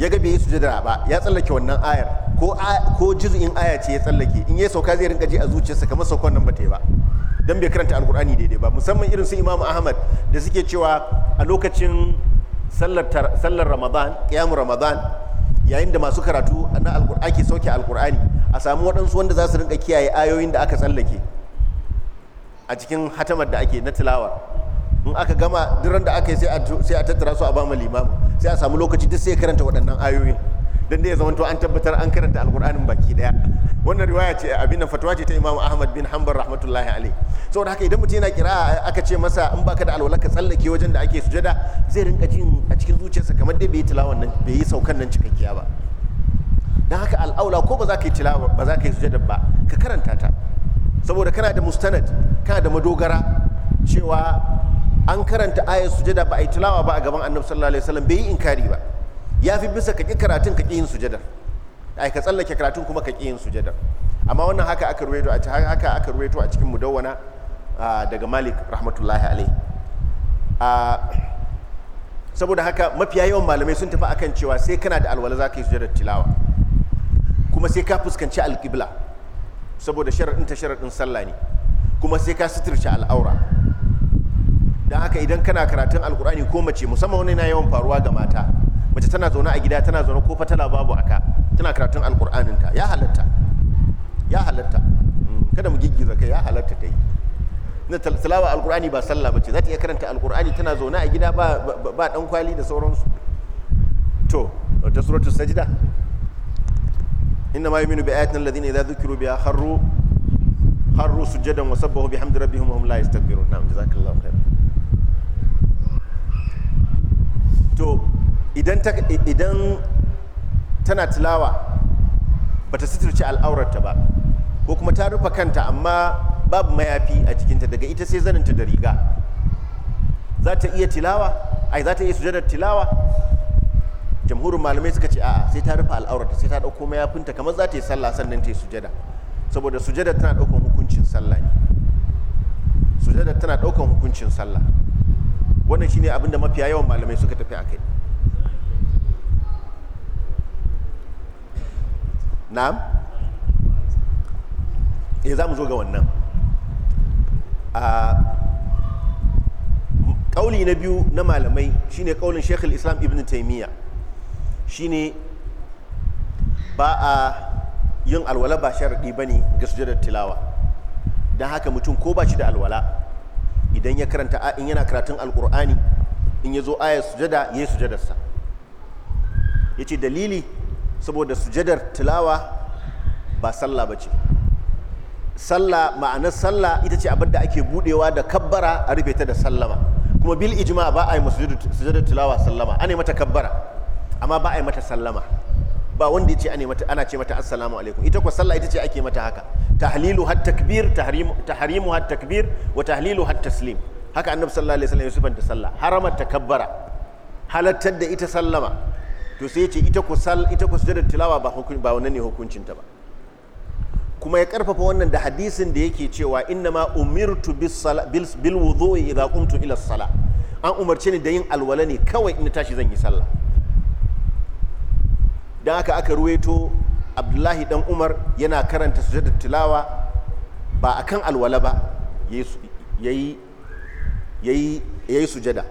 ya ga bai yi sujadar ba ya tsallake wannan ayar ko ko juz'in aya ce ya tsallake in ya sauka zai rinka ji a zuciyarsa kamar saukon nan ba ta yi ba don bai karanta alkur'ani daidai ba musamman irin su imamu ahmad da suke cewa a lokacin sallar ramadan kiyamu ramadan yayin da masu karatu na alkur'ani ake sauke alkur'ani a samu waɗansu wanda za su rinka kiyaye ayoyin da aka tsallake a cikin hatamar da ake na tilawa in aka gama duran da aka yi sai a tattara su a bama limamu sai a samu lokaci duk sai karanta waɗannan ayoyin dan da ya zama to an tabbatar an karanta alkur'anin baki daya wannan riwaya ce abin nan fatawa ce ta imamu ahmad bin hanbal rahmatullahi alaihi saboda haka idan mutum yana kira aka ce masa in baka da alwala ka tsallake wajen da ake sujada zai rinka jin a cikin zuciyarsa kamar dai bai yi tilawan nan bai yi saukan nan cikakkiya ba dan haka al'aula ko ba za ka yi tilawa ba za ka yi sujada ba ka karanta ta saboda kana da mustanad kana da madogara cewa an karanta ayar sujada ba a yi tilawa ba a gaban annabi sallallahu alaihi wasallam bai yi inkari ba ya fi bisa ka ƙi karatun ka ƙi yin sujadar ai ka tsallake karatun kuma ka ƙi yin sujadar amma wannan haka aka ruwaito a haka aka ruwaito a cikin mudawwana daga Malik rahmatullahi alaihi saboda haka mafiya yawan malamai sun tafi akan cewa sai kana da alwala za ka yi sujadar tilawa kuma sai ka fuskanci alƙibla saboda sharaɗin ta sharaɗin sallah ne kuma sai ka suturci al'aura don haka idan kana karatun alkur'ani ko mace musamman wani na yawan faruwa ga mata mace tana zaune a gida tana zaune ko tana babu aka tana karatun alkur'anin ta ya halatta ya halatta kada mu giggiza kai ya halatta ta yi na talawa alkur'ani ba sallah bace za ta iya karanta alkur'ani tana zaune a gida ba dan kwali da sauransu to ta suratul sajda bi ayatin alladhina الذين dhukiru biha kharru kharru sujadan wa sabbahu bihamdi rabbihim wa hum la yastakbirun na'am jazakallahu khairan to. idan tana tilawa ba ta suturci al'aurarta ba ko kuma ta rufe kanta amma babu mayafi a jikinta daga ita sai zaninta da riga za ta iya tilawa ai za ta iya sujada tilawa jamhurin malamai suka ce a'a sai ta rufe al'aurarta sai ta ɗauko mayafinta kamar za ta yi sallah sannan ta yi sujada saboda sujada tana ɗaukan hukuncin sallah ne sujada tana ɗaukan hukuncin sallah wannan shine abinda mafiya yawan malamai suka tafi a kai na'am ya eh, za mu zo ga wannan a kauli na biyu na malamai shine kaulin shekul islam ibn taimiyya shine ba a yin alwala ba sharaɗi ba ne ga sujadar tilawa don haka mutum ko ba shi da alwala idan ya karanta in yana karatun alkur'ani in ya zo ayar sujada ya yi sujadarsa ya ce dalili saboda sujadar tilawa ba sallah ba ce sallah ma'anar sallah ita ce abinda ake budewa da kabbara a rufe ta da sallama kuma bil ijma ba a yi masu sujadar tilawa sallama ana yi mata kabbara amma ba a yi mata sallama ba wanda ya ce ana ce mata assalamu alaikum ita kuwa sallah ita ce ake mata haka tahlilu har takbir tahrimu har takbir wa tahlilu har taslim haka annabi sallallahu alaihi wasallam ya sifanta sallah haramar takabbara halattar da ita sallama to sai ce ita sal ita sujada tilawa ba hukun ba wannan ne hukuncinta ba kuma ya karfafa wannan da hadisin da yake cewa inna ma umirtu bil wudu'i idza qumtu ila sala an umarce ni da yin alwala ne kawai in tashi zan yi sallah dan haka aka ruwaito Abdullahi dan Umar yana karanta sujada tilawa ba akan alwala ba yayi yayi yayi sujada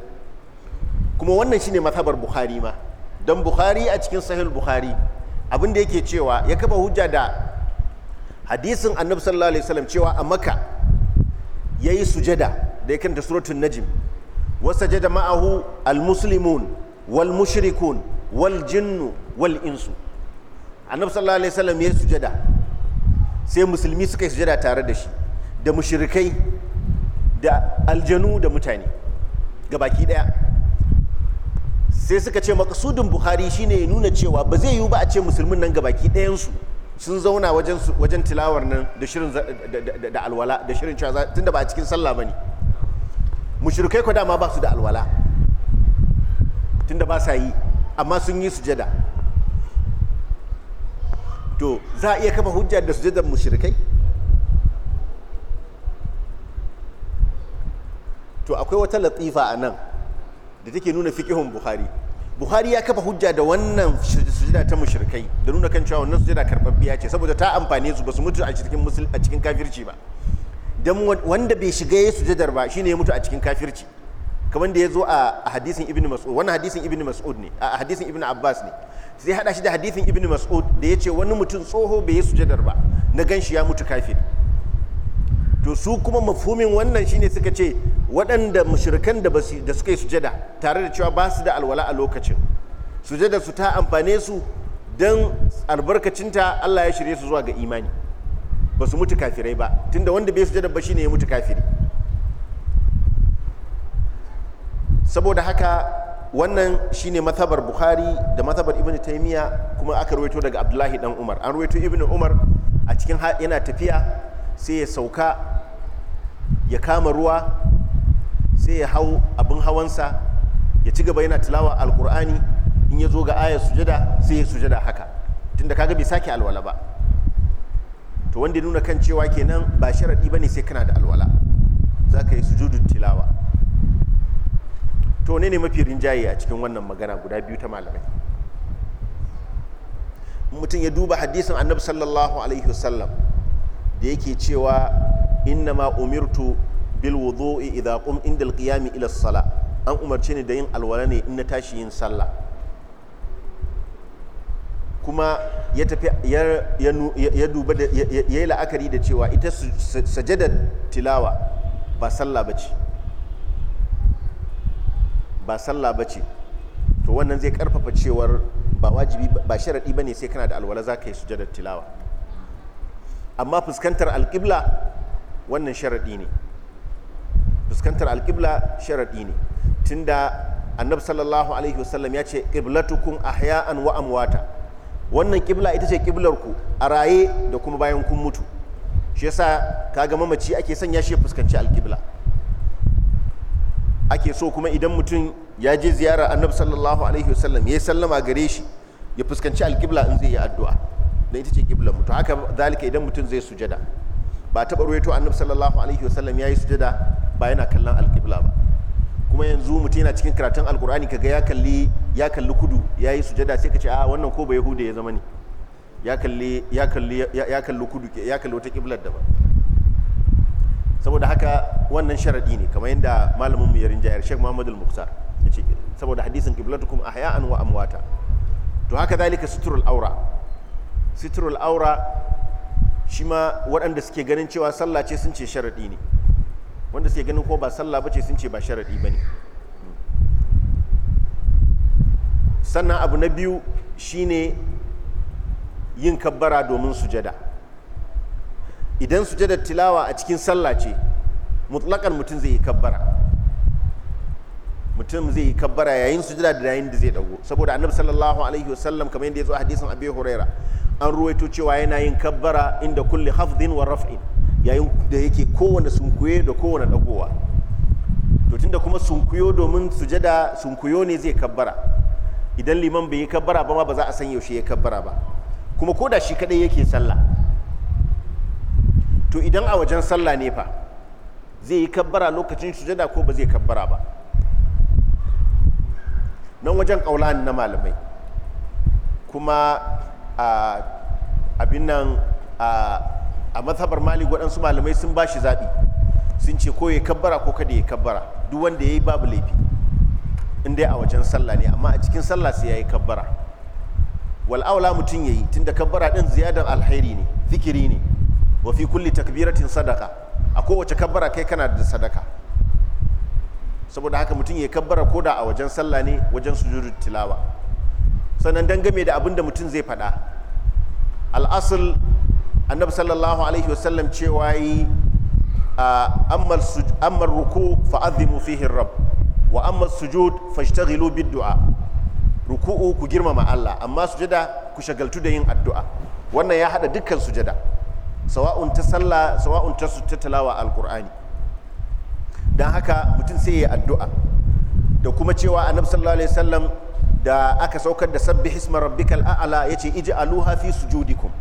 kuma wannan shine mazhabar Bukhari ma don bukhari a cikin sahil bukhari abin da yake cewa ya kafa hujja da hadisin annabi sallallahu alaihi wasallam cewa a maka yi sujada da ya kanta suratul wasa jada ma'ahu almuslimun wal mushrikun wal jinnu wal insu annabi sallallahu alaihi wasallam yi sujada sai musulmi suka yi sujada tare da shi da mushrikai da aljanu da mutane gabaki daya sai suka ce makasudin buhari shine ya nuna cewa ba zai yiwu ba a ce musulmin nan gabaki ɗayansu sun zauna wajen tilawar nan da shirin da alwala da shirin cewa tunda ba a cikin sallah bane mushrikai ko dama ba su da alwala tunda ba sa yi amma sun yi sujada to za a iya kafa hujja da sujadar mushrikai to akwai wata latifa a nan da take nuna fiqihun bukhari bukhari ya kafa hujja da wannan sujada ta mushrikai da nuna kan cewa wannan sujada karbabbiya ce saboda ta amfane su basu mutu a cikin musul a cikin kafirci ba dan wanda bai shiga ya sujadar ba shine ya mutu a cikin kafirci kamar da ya zo a hadisin ibn mas'ud wannan hadisin ibn mas'ud ne a hadisin ibn abbas ne sai hada shi da hadisin ibn mas'ud da ya ce wani mutum tsoho bai yi sujadar ba na ganshi ya mutu kafiri to su kuma mafumin wannan shine suka ce waɗanda mushrikan da da suka yi sujada tare da cewa ba su da alwala a lokacin sujada su ta amfane su don albarkacinta Allah ya shirye su zuwa ga imani ba su mutu kafirai ba tunda wanda bai sujada ba shine ya mutu kafiri saboda haka wannan shine mazhabar bukhari da mazhabar ibnu taymiya kuma aka ruwaito daga abdullahi dan umar an ruwaito ibnu umar a cikin yana tafiya sai ya sauka ya kama ruwa sai ya hau abin hawansa ya ci gaba yana tilawa alkur'ani in ya zo ga ayar sujada sai ya sujada haka tunda kaga bai sake alwala ba to wanda nuna kan cewa kenan ba sharaɗi ba ne sai kana da alwala za ka yi sujudu tilawa to ne ne mafi rinjaye a cikin wannan magana guda biyu ta malamai mutum ya duba hadisin annabi sallallahu alaihi wasallam da yake cewa ma umirtu bil wudu'i idza qum indal qiyami ila sala an umarce ni da yin alwala ne in na tashi yin sallah kuma ya tafi ya duba da ya la'akari da cewa ita sajadar tilawa ba sallah bace ba sallah bace to wannan zai karfafa cewar ba wajibi ba sharaɗi bane sai kana da alwala za ka yi sujadar tilawa amma fuskantar alƙibla wannan sharaɗi ne fuskantar alƙibla sharaɗi ne tunda annabi sallallahu alaihi wasallam ya ce ƙiblatukum ahya'an wa amwata wannan ƙibla ita ce ƙiblarku a raye da kuma bayan kun mutu shi yasa kaga mamaci ake sanya shi fuskanci alƙibla ake so kuma idan mutum ya je ziyara annabi sallallahu alaihi wasallam ya yi sallama gare shi ya fuskanci alƙibla in zai yi addu'a da ita ce kiblar mu to haka zalika idan mutum zai sujada ba taɓa ruwaito annabi sallallahu alaihi wasallam ya yi sujada ba yana kallon alƙibla ba kuma yanzu mutum yana cikin karatun alƙur'ani kaga ya kalli ya kalli kudu ya yi sujada sai ka ce a wannan ko ba yahuda ya zama ne ya kalli ya kalli ya kalli kudu ya kalli wata kiblar daban saboda haka wannan sharadi ne kamar yadda malamin mu ya rinjayar Sheikh Muhammad Al-Muqtar yace saboda hadisin qiblatukum ahya'an wa amwata to haka zalika suturul aura sitrul aura shi ma waɗanda suke ganin cewa sallah ce sun ce sharaɗi ne wanda suke ganin ko ba sallah ba ce sun ce ba sharaɗi ba ne sannan abu na biyu shine yin kabbara domin sujada idan sujadar tilawa a cikin sallah ce mutlakan mutum zai yi kabbara mutum zai yi kabbara yayin sujada da yayin da zai dago saboda annabi sallallahu alaihi wasallam kamar yadda ya zo a hadisin abi huraira an ruwaito cewa yana yin kabbara inda kulli hafdin wa raf'in yayin da yake kowane sunkuye da kowane dagowa to tunda kuma sunkuyo domin sujada sunkuyo ne zai kabbara idan liman bai yi kabbara ba ma ba za a san yaushe ya kabbara ba kuma ko da shi kadai yake sallah to idan a wajen sallah ne fa zai yi kabbara lokacin sujada ko ba zai kabbara ba nan wajen kaulan na malamai kuma abin nan a matsabar mali waɗansu malamai sun ba shi zaɓi sun ce ko ya kabbara ko kada ya kabbara duk wanda ya yi babu laifi in dai a wajen sallah ne amma a cikin sallah sai ya yi kabbara wal'aula mutum ya yi tun da kabbara ɗin ziyadar alheri ne fikiri ne wa fi kulli takbiratin sadaka a kowace kabbara kai kana da sadaka saboda haka mutum ya yi kabbara ko da a wajen sallah ne wajen sujudu tilawa sannan dangame da abin da mutum zai faɗa al'asul annabi sallallahu alaihi wasallam cewa yi ammar ruku fa'azimu fihin rab wa ammar sujud fashtaghilu bid du'a ruku'u ku girmama Allah amma sujada ku shagaltu da yin addu'a wannan ya hada dukkan sujada sawa'un ta sallah sawa'un ta tattalawa alkur'ani don haka mutum sai ya addu'a da kuma cewa annabi sallallahu alaihi wasallam da aka saukar da sabbi hisma rabbikal a'ala yace aluha fi sujudikum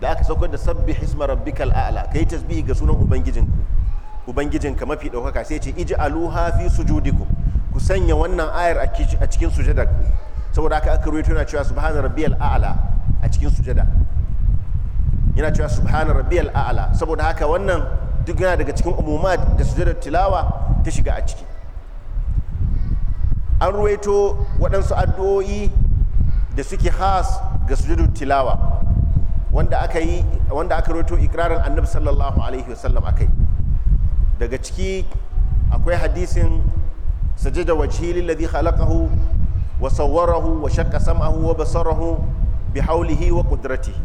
da aka saukar da sabbi hisma rabbikal a'ala kai tasbihi ga sunan ubangijinku ubangijinka mafi daukaka sai yace aluha fi sujudikum ku sanya wannan ayar a cikin sujada saboda aka aka ruwaito yana cewa subhana rabbiyal a'ala a cikin sujada yana cewa subhana rabbiyal a'ala saboda haka wannan duk yana daga cikin umuma da sujada tilawa ta shiga a ciki an ruwaito waɗansu addu'o'i da suke has ga sujudul tilawa wanda aka yi wanda aka ruwaito ikirarin annabi sallallahu alaihi wasallam akai daga ciki akwai hadisin sajada wajhi lillazi khalaqahu wa sawwarahu wa shaqqa sam'ahu wa basarahu bi hawlihi wa qudratihi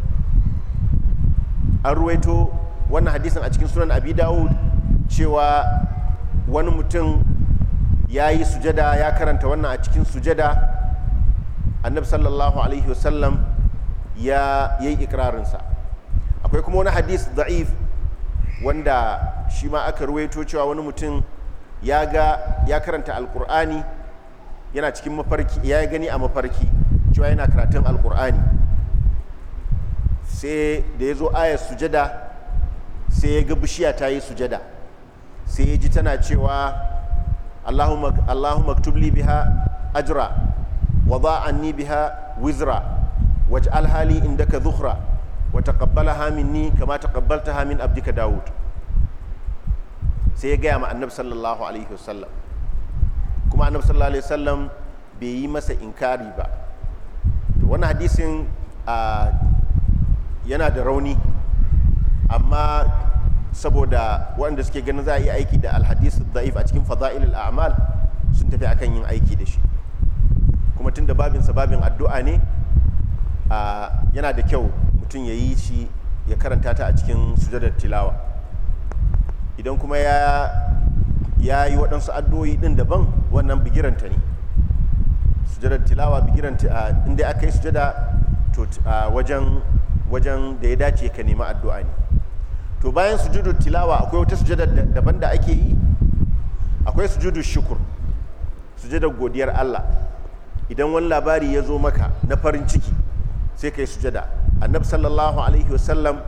an ruwaito wannan hadisin a cikin sunan abi dawud cewa wani mutum ya yi sujada ya karanta wannan a cikin sujada annabi sallallahu alaihi wasallam ya yi ikirarinsa akwai kuma wani hadis da'if wanda shi ma aka ruwaito cewa wani mutum ya ga ya karanta alkur'ani yana cikin mafarki ya gani a mafarki cewa yana karatun alkur'ani sai da ya zo ayar sujada sai ya ga bishiya ta yi sujada sai ya ji tana cewa allahumma allahumma aktub li biha ajra wada anni biha wizra waj'al hali indaka dhukhra kabbala taqabbalaha ni kama ta taqabbaltaha min abdika daud sai ya gaya ma annabi sallallahu alaihi wasallam kuma annab sallallahu alaihi wasallam bai yi masa inkari ba wani hadisin ah, yana da rauni amma saboda waɗanda suke ganin za a yi aiki da alhadis da'if a cikin fada'il al'amal sun tafi akan yin aiki da shi kuma tun da babinsa babin addu'a ne yana da kyau mutum ya yi shi ya karanta ta a cikin sujadar tilawa idan kuma ya ya yi waɗansu addu'o'i ɗin daban wannan bigiranta ne sujadar tilawa bigiranta a inda aka yi sujada to wajen wajen da ya dace ka nemi addu'a ne to bayan sujudu tilawa akwai wata sujada daban da ake yi akwai sujudu shukur sujadar godiyar Allah idan wani labari ya zo maka na farin ciki sai ka yi sujada annab sallallahu alaihi wasallam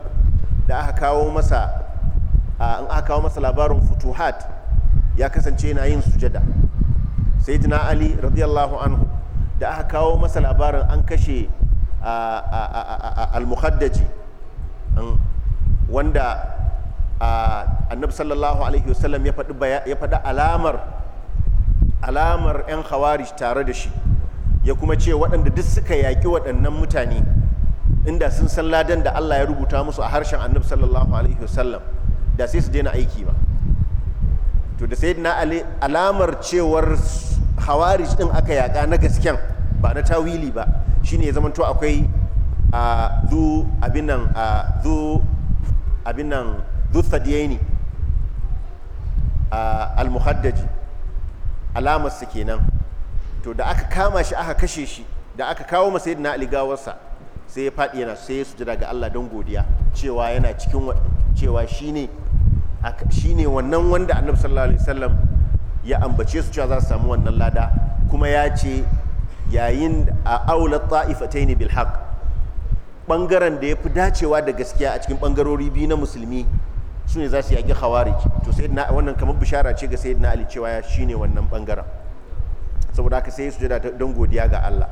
da aka kawo masa an aka kawo masa labarin futuhat ya kasance yana yin sujada sai jina ali radiyallahu anhu da aka kawo masa labarin an kashe al-muhaddaji wanda annabi sallallahu alaihi wasallam ya faɗi alamar alamar 'yan khawarij tare da shi ya kuma ce waɗanda duk suka yaƙi waɗannan mutane inda sun san ladan da Allah ya rubuta musu a harshen annabi sallallahu alaihi wasallam da sai su daina aiki ba to da sai na alamar cewar khawarij din aka yaƙa na gasken ba na tawili ba shine ya zama to akwai a zu abin nan a zu abin nan zuthadiyaini ah, al-muhaddaji alamarsa kenan to da aka kama shi aka kashe shi da aka kawo masa yadda na aligawarsa sai ya faɗi yana sai ya sujada ga Allah don godiya cewa yana cikin cewa shine shine wannan wanda annabi sallallahu alaihi wasallam ya ambace su cewa za su samu wannan lada kuma ya ce yayin a aula ta'ifataini bil haqq bangaren da ya fi dacewa da gaskiya a cikin bangarori biyu na musulmi su ne za su yaƙi khawarij to sai na wannan kamar bishara ce ga sayyidina ali cewa shine wannan bangaren saboda haka sai sujada don godiya ga Allah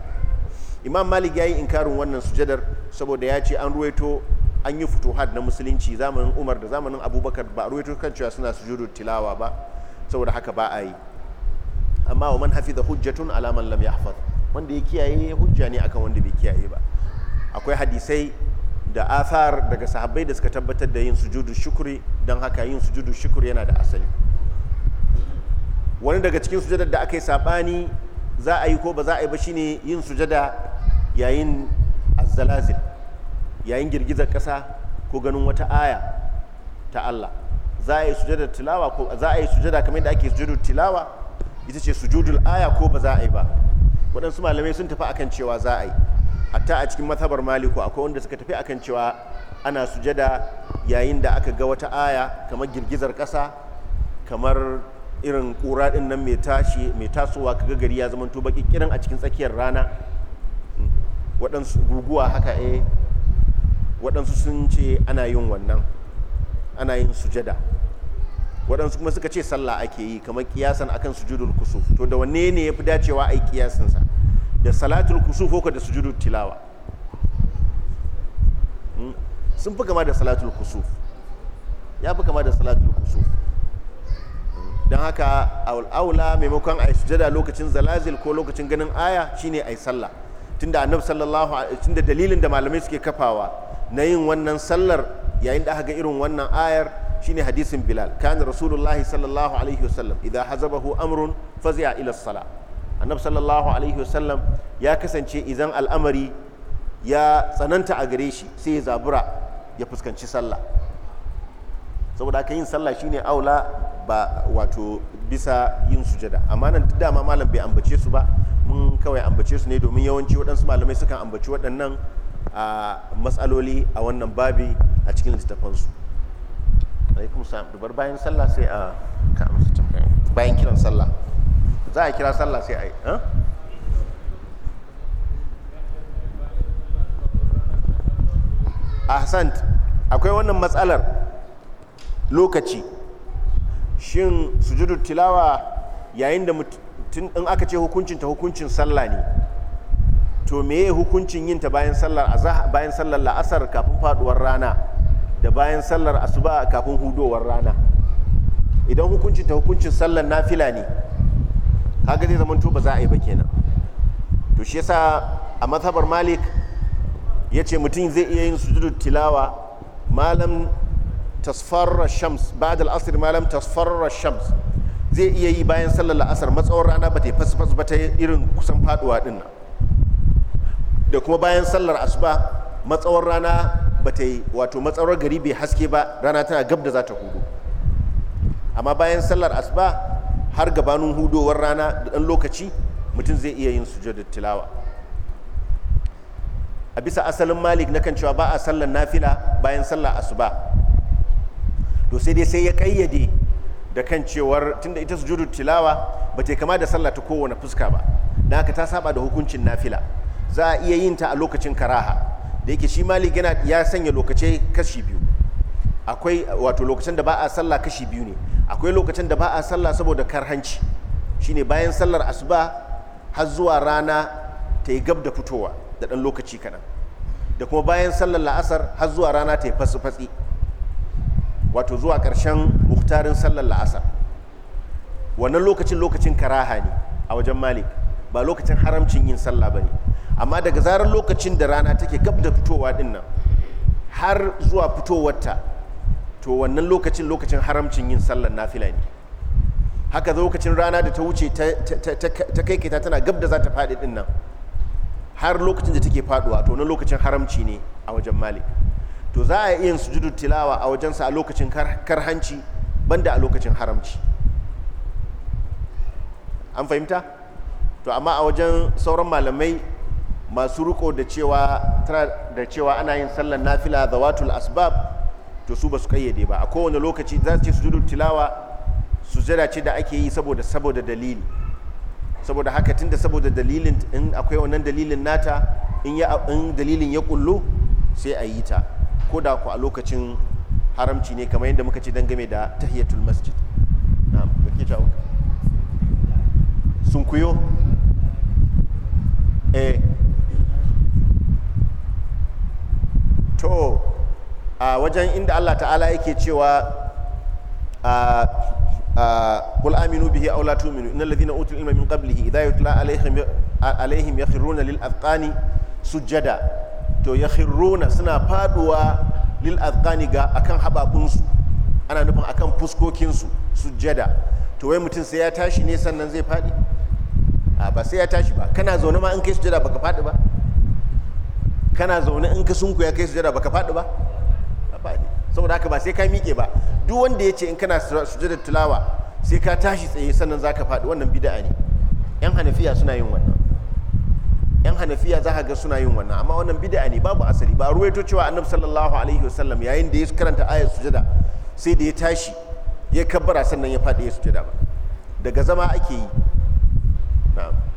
imam malik ya yi inkarin wannan sujadar saboda ya ce an ruwaito an yi futuhat na musulunci zamanin umar da zamanin abubakar ba a ruwaito kan cewa suna sujudu tilawa ba saboda haka ba a yi amma wa man hafiza hujjatun alaman lam yahfaz wanda ya kiyaye hujja ne akan wanda bai kiyaye ba akwai hadisai da athar daga sahabbai da suka tabbatar da yin sujudu shukuri don haka yin sujudu shukuri yana da asali wani daga cikin sujadar da aka yi sabani za a yi ko ba za a yi ba shine yin sujada yayin azalazil yayin girgizar ƙasa ko ganin wata aya ta Allah za a yi sujada tilawa ko za a yi sujada kamar yadda ake sujudu tilawa ita ce sujudul aya ko ba za a yi ba waɗansu malamai sun tafi akan cewa za a yi hatta a cikin mazhabar maliku akwai wanda suka tafi akan cewa ana sujada yayin da aka ga wata aya kamar girgizar kasa kamar irin ƙura ɗin nan mai tashi mai tasowa kaga gari ya zama tuba kiran a cikin tsakiyar rana waɗansu guguwa haka eh waɗansu sun ce ana yin wannan ana yin sujada waɗansu kuma suka ce sallah ake yi kamar kiyasan akan sujudul kusuf to da wanne ne ya fi dacewa a yi kiyasinsa da salatul kusuf ko da sujudut tilawa hmm? sun fi kama da salatul kusuf ya fi kama da salatul kusuf hmm? don haka aula maimakon a yi sujada lokacin zalazil ko lokacin ganin aya shine a yi sallah tunda annabi sallallahu tunda dalilin da malamai suke kafawa na yin wannan sallar yayin da aka ga irin wannan ayar shine hadisin bilal kan rasulullahi sallallahu alaihi wasallam idan hazabahu amrun fazi'a ila salah annabi sallallahu alaihi wasallam ya kasance idan al'amari ya tsananta a gare shi sai ya zabura ya fuskanci sallah saboda aka yin sallah shine aula ba wato bisa yin sujada amma nan duk dama malam bai ambace su ba mun kawai ambace su ne domin yawanci waɗansu malamai sukan ambaci waɗannan a matsaloli a wannan babi a cikin littafansu alaikum salam dubar bayan sallah sai a ka amsa bayan kiran sallah za a kira sallah sai a yi ahsant akwai wannan matsalar lokaci shin sujudu tilawa yayin da in aka ce hukuncin ta hukuncin sallah ne to meye hukuncin yin ta bayan sallar bayan sallar la'asar kafin faduwar rana da bayan sallar asuba kafin hudowar rana idan hukuncin ta hukuncin sallar nafila ne kaga zai zamanto ba za a yi ba kenan to shi yasa a mazhabar malik ya ce mutum zai iya yin sujudu tilawa malam tasfarra shams ba'd al-asr malam tasfarra shams zai iya yi bayan sallar la'asar matsawar rana ba ta yi fasfas ba ta irin kusan faduwa din nan da kuma bayan sallar asuba matsawar rana ba ta yi wato matsawar gari bai haske ba rana tana gab da za ta hudu amma bayan sallar asuba har gabanin hudowar rana da ɗan lokaci mutum zai iya yin da tilawa a bisa asalin malik na kan cewa ba a sallar nafila bayan sallar asuba to sai dai sai ya kayyade da kan cewar tunda ita da tilawa ba ta kama da sallah ta kowane fuska ba na haka ta saba da hukuncin nafila za a iya yin ta a lokacin karaha da yake shi malik yana ya sanya lokacin kashi biyu akwai wato lokacin da ba a sallah kashi biyu ne akwai lokacin da ba a sallah saboda karhanci shine bayan sallar asuba har zuwa rana ta yi gab da fitowa da ɗan lokaci kaɗan da kuma bayan sallar la'asar har zuwa rana ta yi fasu fatsi wato zuwa ƙarshen muhtarin sallar la'asar wannan lokacin lokacin karaha ne a wajen malik ba lokacin haramcin yin sallah ba ne amma daga zarar lokacin da rana take gab da fitowa ɗin har zuwa fitowarta to wannan lokacin lokacin haramcin yin sallar nafila ne haka lokacin rana da ta wuce ta kai ta tana gab da za ta faɗi ɗin nan har lokacin da take faɗuwa to wannan lokacin haramci ne a wajen malik to za a iya sujudu tilawa a wajensa a lokacin karhanci banda a lokacin haramci an fahimta to amma a wajen sauran malamai masu riko da cewa ana yin sallar nafila zawatul asbab to su ba su kayyade ba a kowane lokaci za su ce sujudul tilawa su ce da ake yi saboda saboda dalili saboda haka tunda saboda dalilin in akwai wannan dalilin nata in ya in dalilin ya kullu sai a yi ta ko da ku a lokacin haramci ne kamar yadda muka ce game da tahiyatul masjid na'am kake ta sun kuyo eh to a wajen inda Allah ta'ala yake cewa a kul aminu bihi aw la tu'minu innal ladhina utul ilma min qablihi idha yutla alayhim alayhim yakhruna lil azqani sujada to yakhruna suna faduwa lil azqani ga akan hababun su ana nufin akan fuskokin su sujada to wai mutum sai ya tashi ne sannan zai fadi a ba sai ya tashi ba kana zaune ma in kai sujada baka fadi ba kana zaune in ka sunku ya kai sujada baka fadi ba saboda haka ba sai ka miƙe ba duk wanda ya ce in kana sujudar tilawa sai ka tashi tsaye sannan za ka faɗi wannan bida'a ne yan hanafiya suna yin wannan yan hanafiya za ka ga suna yin wannan amma wannan bida'a ne babu asali ba ruwaito cewa annabi sallallahu alaihi wasallam yayin da ya karanta ayar sujada sai da ya tashi ya kabbara sannan ya faɗi ya sujada ba daga zama ake yi na'am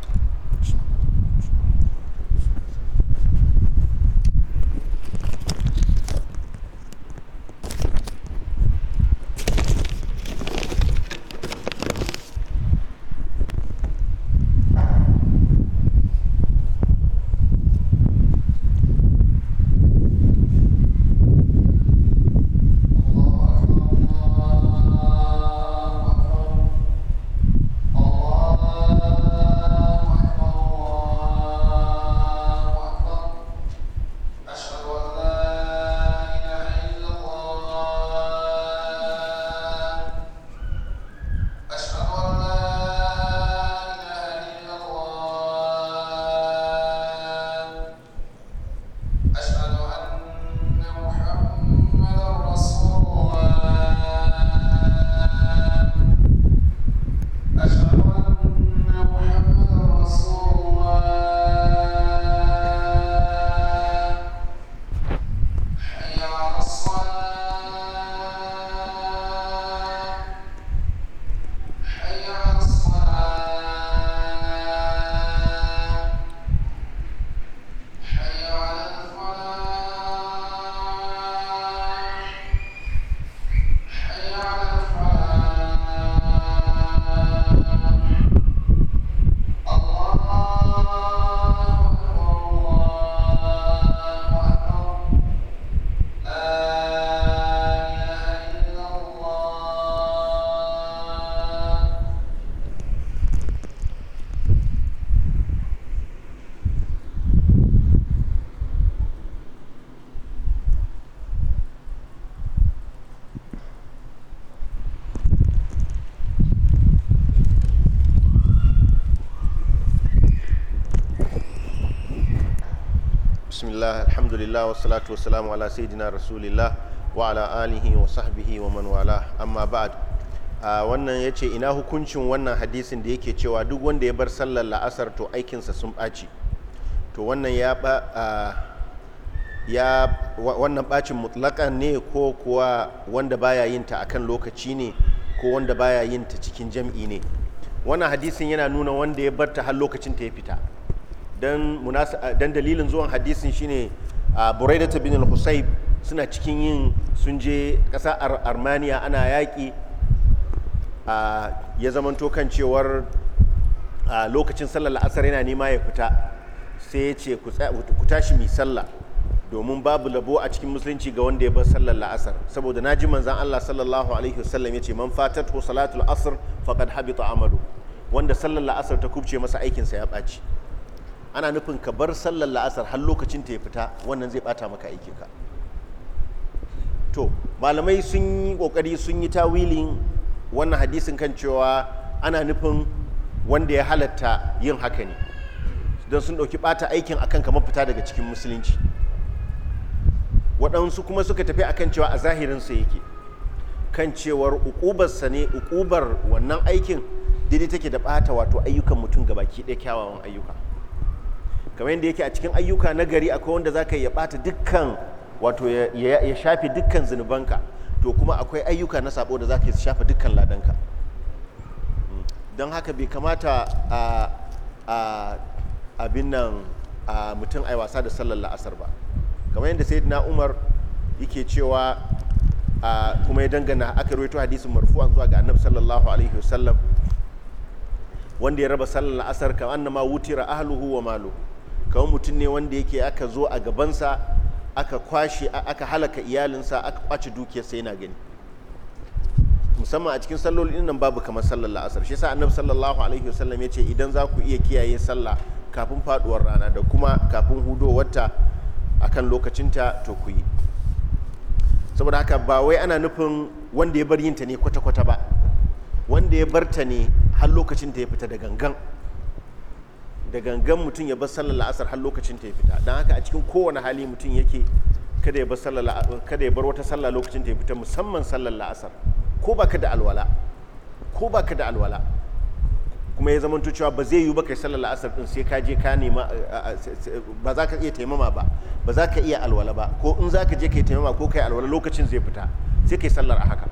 alhamdulillah wassalatu wassalamu ala sayyidina rasulillah wa ala alihi wa sahbihi wa man wala amma ba'd a wannan yace ina hukuncin wannan hadisin da yake cewa duk wanda ya bar sallar la'asar to aikinsa sun ɓaci to wannan ya ba ya wannan bacin mutlaka ne ko kuwa wanda baya yin ta akan lokaci ne ko wanda baya yin ta cikin jam'i ne wannan hadisin yana nuna wanda ya bar ta har lokacin ta ya fita dan dalilin zuwan hadisin shine buraida ta Binin suna cikin yin sun je ƙasa armaniya ana yaƙi ya zama tokan cewar lokacin sallar la'asar yana nema ya fita sai ya ce ku tashi mai sallah domin babu labo a cikin musulunci ga wanda ya bar sallar la'asar saboda na ji manzan Allah sallallahu alaihi wasallam ya ce man fatat ko salatul asr faqad habita amalu wanda sallar la'asar ta kubce masa aikinsa ya ɓaci ana nufin ka bar sallar la'asar har lokacin ta ya fita wannan zai bata maka aikin ka to malamai sun yi kokari sun yi tawilin wannan hadisin kan cewa ana nufin wanda ya halatta yin haka ne don sun ɗauki bata aikin akan kamar fita daga cikin musulunci waɗansu kuma suka tafi akan cewa a zahirin sa yake kan cewar uƙubarsa ne ukubar wannan aikin daidai take da ɓata wato ayyukan mutum gabaki ɗaya kyawawan ayyuka kamar yadda yake a cikin ayyuka na gari akwai wanda za ka ya ɓata dukkan wato ya shafe dukkan zunubanka to kuma akwai ayyuka na sabo da za ka shafe dukkan ladanka mm. don haka bai kamata a abin mutum a wasa da sallar la'asar ba kamar yadda sai na umar yake cewa kuma ya dangana aka rawaito hadisin marfu'an zuwa ga annabi sallallahu alaihi wasallam wanda ya raba sallar la'asar kamar annama wutira ahluhu wa maluhu kamar mutum ne wanda yake aka zo a gabansa aka kwashe aka halaka iyalinsa aka kwace sai yana gani musamman a cikin sallolin nan babu kamar sallar la'asar shi yasa annabi sallallahu alaihi wasallam ya ce idan za ku iya kiyaye sallah kafin faduwar rana da kuma kafin hudowarta akan lokacinta to ku yi saboda haka ba wai ana nufin wanda ya bar yinta ne kwata-kwata ba wanda ya bar ta ne har lokacin ta ya fita da gangan da gangan mutum ya bar sallar la'asar har lokacin ta ya fita don haka a cikin kowane hali mutum yake kada ya bar sallar kada ya bar wata sallah lokacin ta ya fita musamman sallar la'asar ko ba ka da alwala ko ba ka da alwala kuma ya zamanto cewa ba zai yi ba kai sallar la'asar din sai ka je ka nema ba za ka iya taimama ba ba za ka iya alwala ba ko in za ka je kai taimama ko kai alwala lokacin zai fita sai kai sallar a haka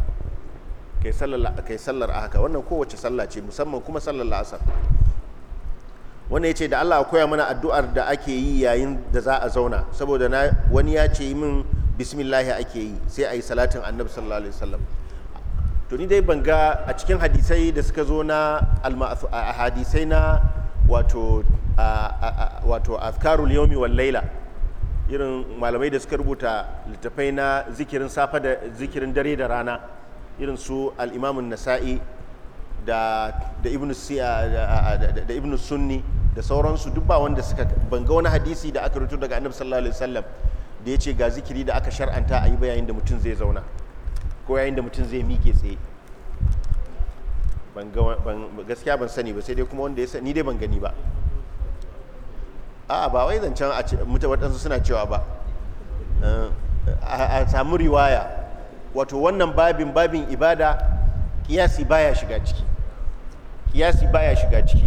kai sallar a haka wannan kowace sallah ce musamman kuma sallar la'asar wannan ya ce da Allah koya mana addu'ar da ake yi yayin da za a zauna saboda wani ya ce min bismillahi ake yi sai a yi salatin annabi sallallahu alaihi wasallam to ni dai ban ga a cikin hadisai da suka zo na hadisai na wato wato afkarul yawmi wal laila irin malamai da suka rubuta littafai na zikirin dare da rana irin su al-imamun nasa'i da da ibn sunni da sauransu duk ba wanda suka banga wani hadisi da aka rubuta daga annabi sallallahu alaihi wasallam da ya ce ga zikiri da aka shar'anta a yi bayanin da mutum zai zauna ko yayin da mutum zai miƙe tsaye gaskiya ban sani ba sai dai kuma wanda ya sani dai ban gani ba a'a ba wai zancen a mutu waɗansu suna cewa ba eh, a samu riwaya wato wannan babin babin ibada kiyasi baya shiga ciki kiyasi baya shiga ciki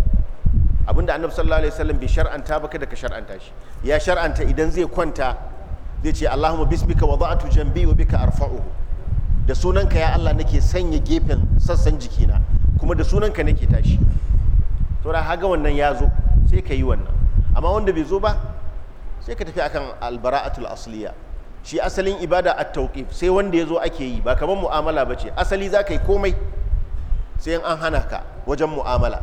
abinda annabi sallallahu alaihi wasallam bai shar'anta ba kada ka shar'anta shi ya shar'anta idan zai kwanta zai ce Allahumma bismika wada'tu janbi wa bika arfa'uhu da sunanka ya Allah nake sanya gefen sassan jikina kuma da sunanka nake tashi to da haga wannan ya zo sai ka yi wannan amma wanda bai zo ba sai ka tafi akan albara'atul asliya shi asalin ibada at tawqif sai wanda ya zo ake yi ba kamar mu'amala ba ce asali za ka yi komai sai an hana ka wajen mu'amala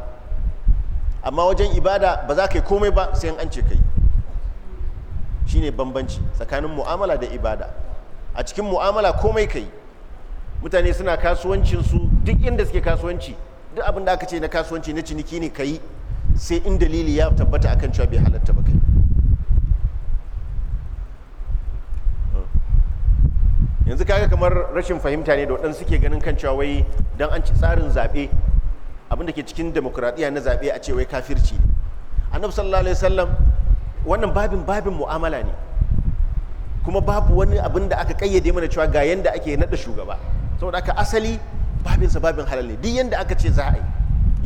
amma wajen ibada ba za ka yi komai ba sai an ce ka yi shine bambanci tsakanin mu'amala da ibada a cikin mu'amala komai ka yi mutane suna kasuwancinsu duk inda suke kasuwanci duk abin da aka ce na kasuwanci na ciniki ne ka yi sai in dalili ya tabbata akan cewa bai halatta ba kai yanzu kaga kamar rashin fahimta ne da waɗansu suke ganin kan cewa wai don an ci tsarin zaɓe abinda ke cikin demokuraɗiyya na zaɓe a ce wai kafirci ne annabi sallallahu alaihi wasallam wannan babin babin mu'amala ne kuma babu wani abin da aka kayyade mana cewa ga yanda ake naɗa shugaba saboda aka asali babinsa babin halal ne duk yanda aka ce za a yi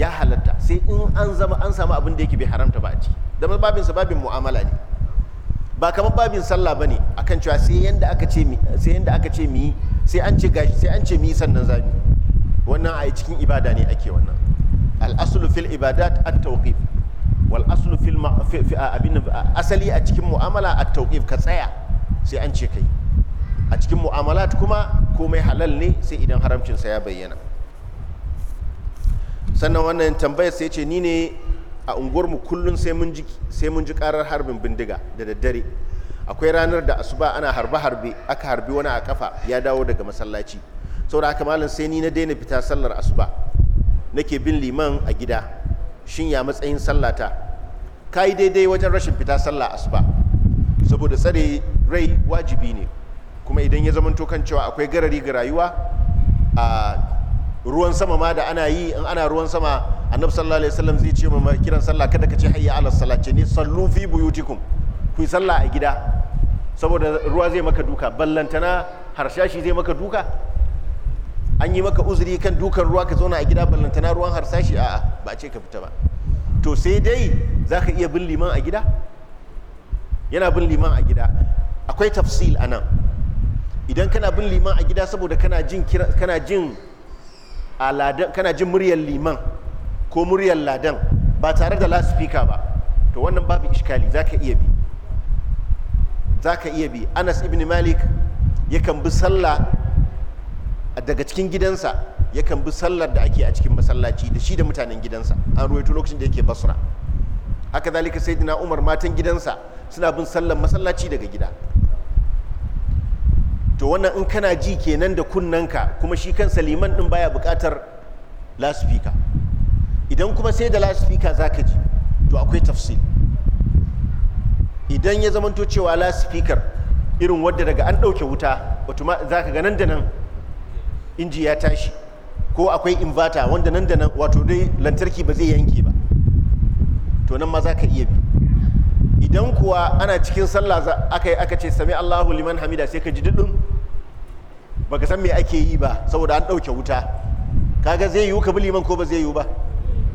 ya halatta sai in an zama an samu abin da yake bai haramta ba a ciki da babinsa babin mu'amala ne ba kamar babin sallah bane akan cewa sai yanda aka ce mi sai yanda aka ce mi sai an ce gashi sai an ce mi sannan zamu wannan a cikin ibada ne ake wannan al aslu fil ibadat at tawqif wal aslu fil abin asali a cikin mu'amala at tawqif ka tsaya sai an ce kai a cikin mu'amalat kuma komai halal ne sai idan haramcinsa ya bayyana sannan wannan tambayar sai ce ni ne a unguwarmu kullum sai mun ji karar harbin bindiga da daddare akwai ranar da asuba ana harbe-harbe aka harbi wani a kafa ya dawo daga masallaci saboda haka malam sai ni na daina fita sallar asuba nake bin liman a gida shin ya matsayin sallata ka yi daidai wajen rashin fita sallar asuba saboda tsare rai wajibi ne kuma idan ya zamanto kan cewa akwai garari ga rayuwa a ruwan sama ma da ana yi in ana ruwan sama annabi sallallahu alaihi wasallam zai ce ma kiran sallah kada ka ce hayya ala salat ce ne sallu fi buyutikum ku yi sallah a gida saboda ruwa zai maka duka ballantana harsashi zai maka duka an yi maka uzuri kan dukan ruwa ka zauna a gida ballantana ruwan harsashi a'a ba a ce ka fita ba to sai dai za ka iya bin liman a gida yana bin liman a gida akwai tafsil a nan idan kana bin liman a gida saboda kana jin a ladan kana jin muryar liman ko muryar ladan ba tare da speaker ba to wannan babu iskali za ka iya bi za ka iya bi anas ibn malik yakan bi sallah daga cikin gidansa yakan bi sallar da ake a cikin masallaci da shi da mutanen gidansa an ruwaito lokacin da yake basra haka zalika sayyidina umar matan gidansa suna bin sallar masallaci daga gida to wannan in kana ji kenan da kunnanka kuma shi kansa liman din baya buƙatar lasfika idan kuma sai da lasfika za ka ji to akwai tafsil idan ya zamanto cewa lasfikar irin wadda daga an ɗauke wuta wato za ka ga nan da nan inji ya tashi ko akwai invata wanda nan da nan wato dai lantarki ba zai yanke ba to nan ma za ka iya bi idan kuwa ana cikin sallah aka yi aka ce sami Allahu liman hamida sai ka ji ba ka san me ake yi ba saboda an dauke wuta kaga zai yiwu ka bi liman ko ba zai yiwu ba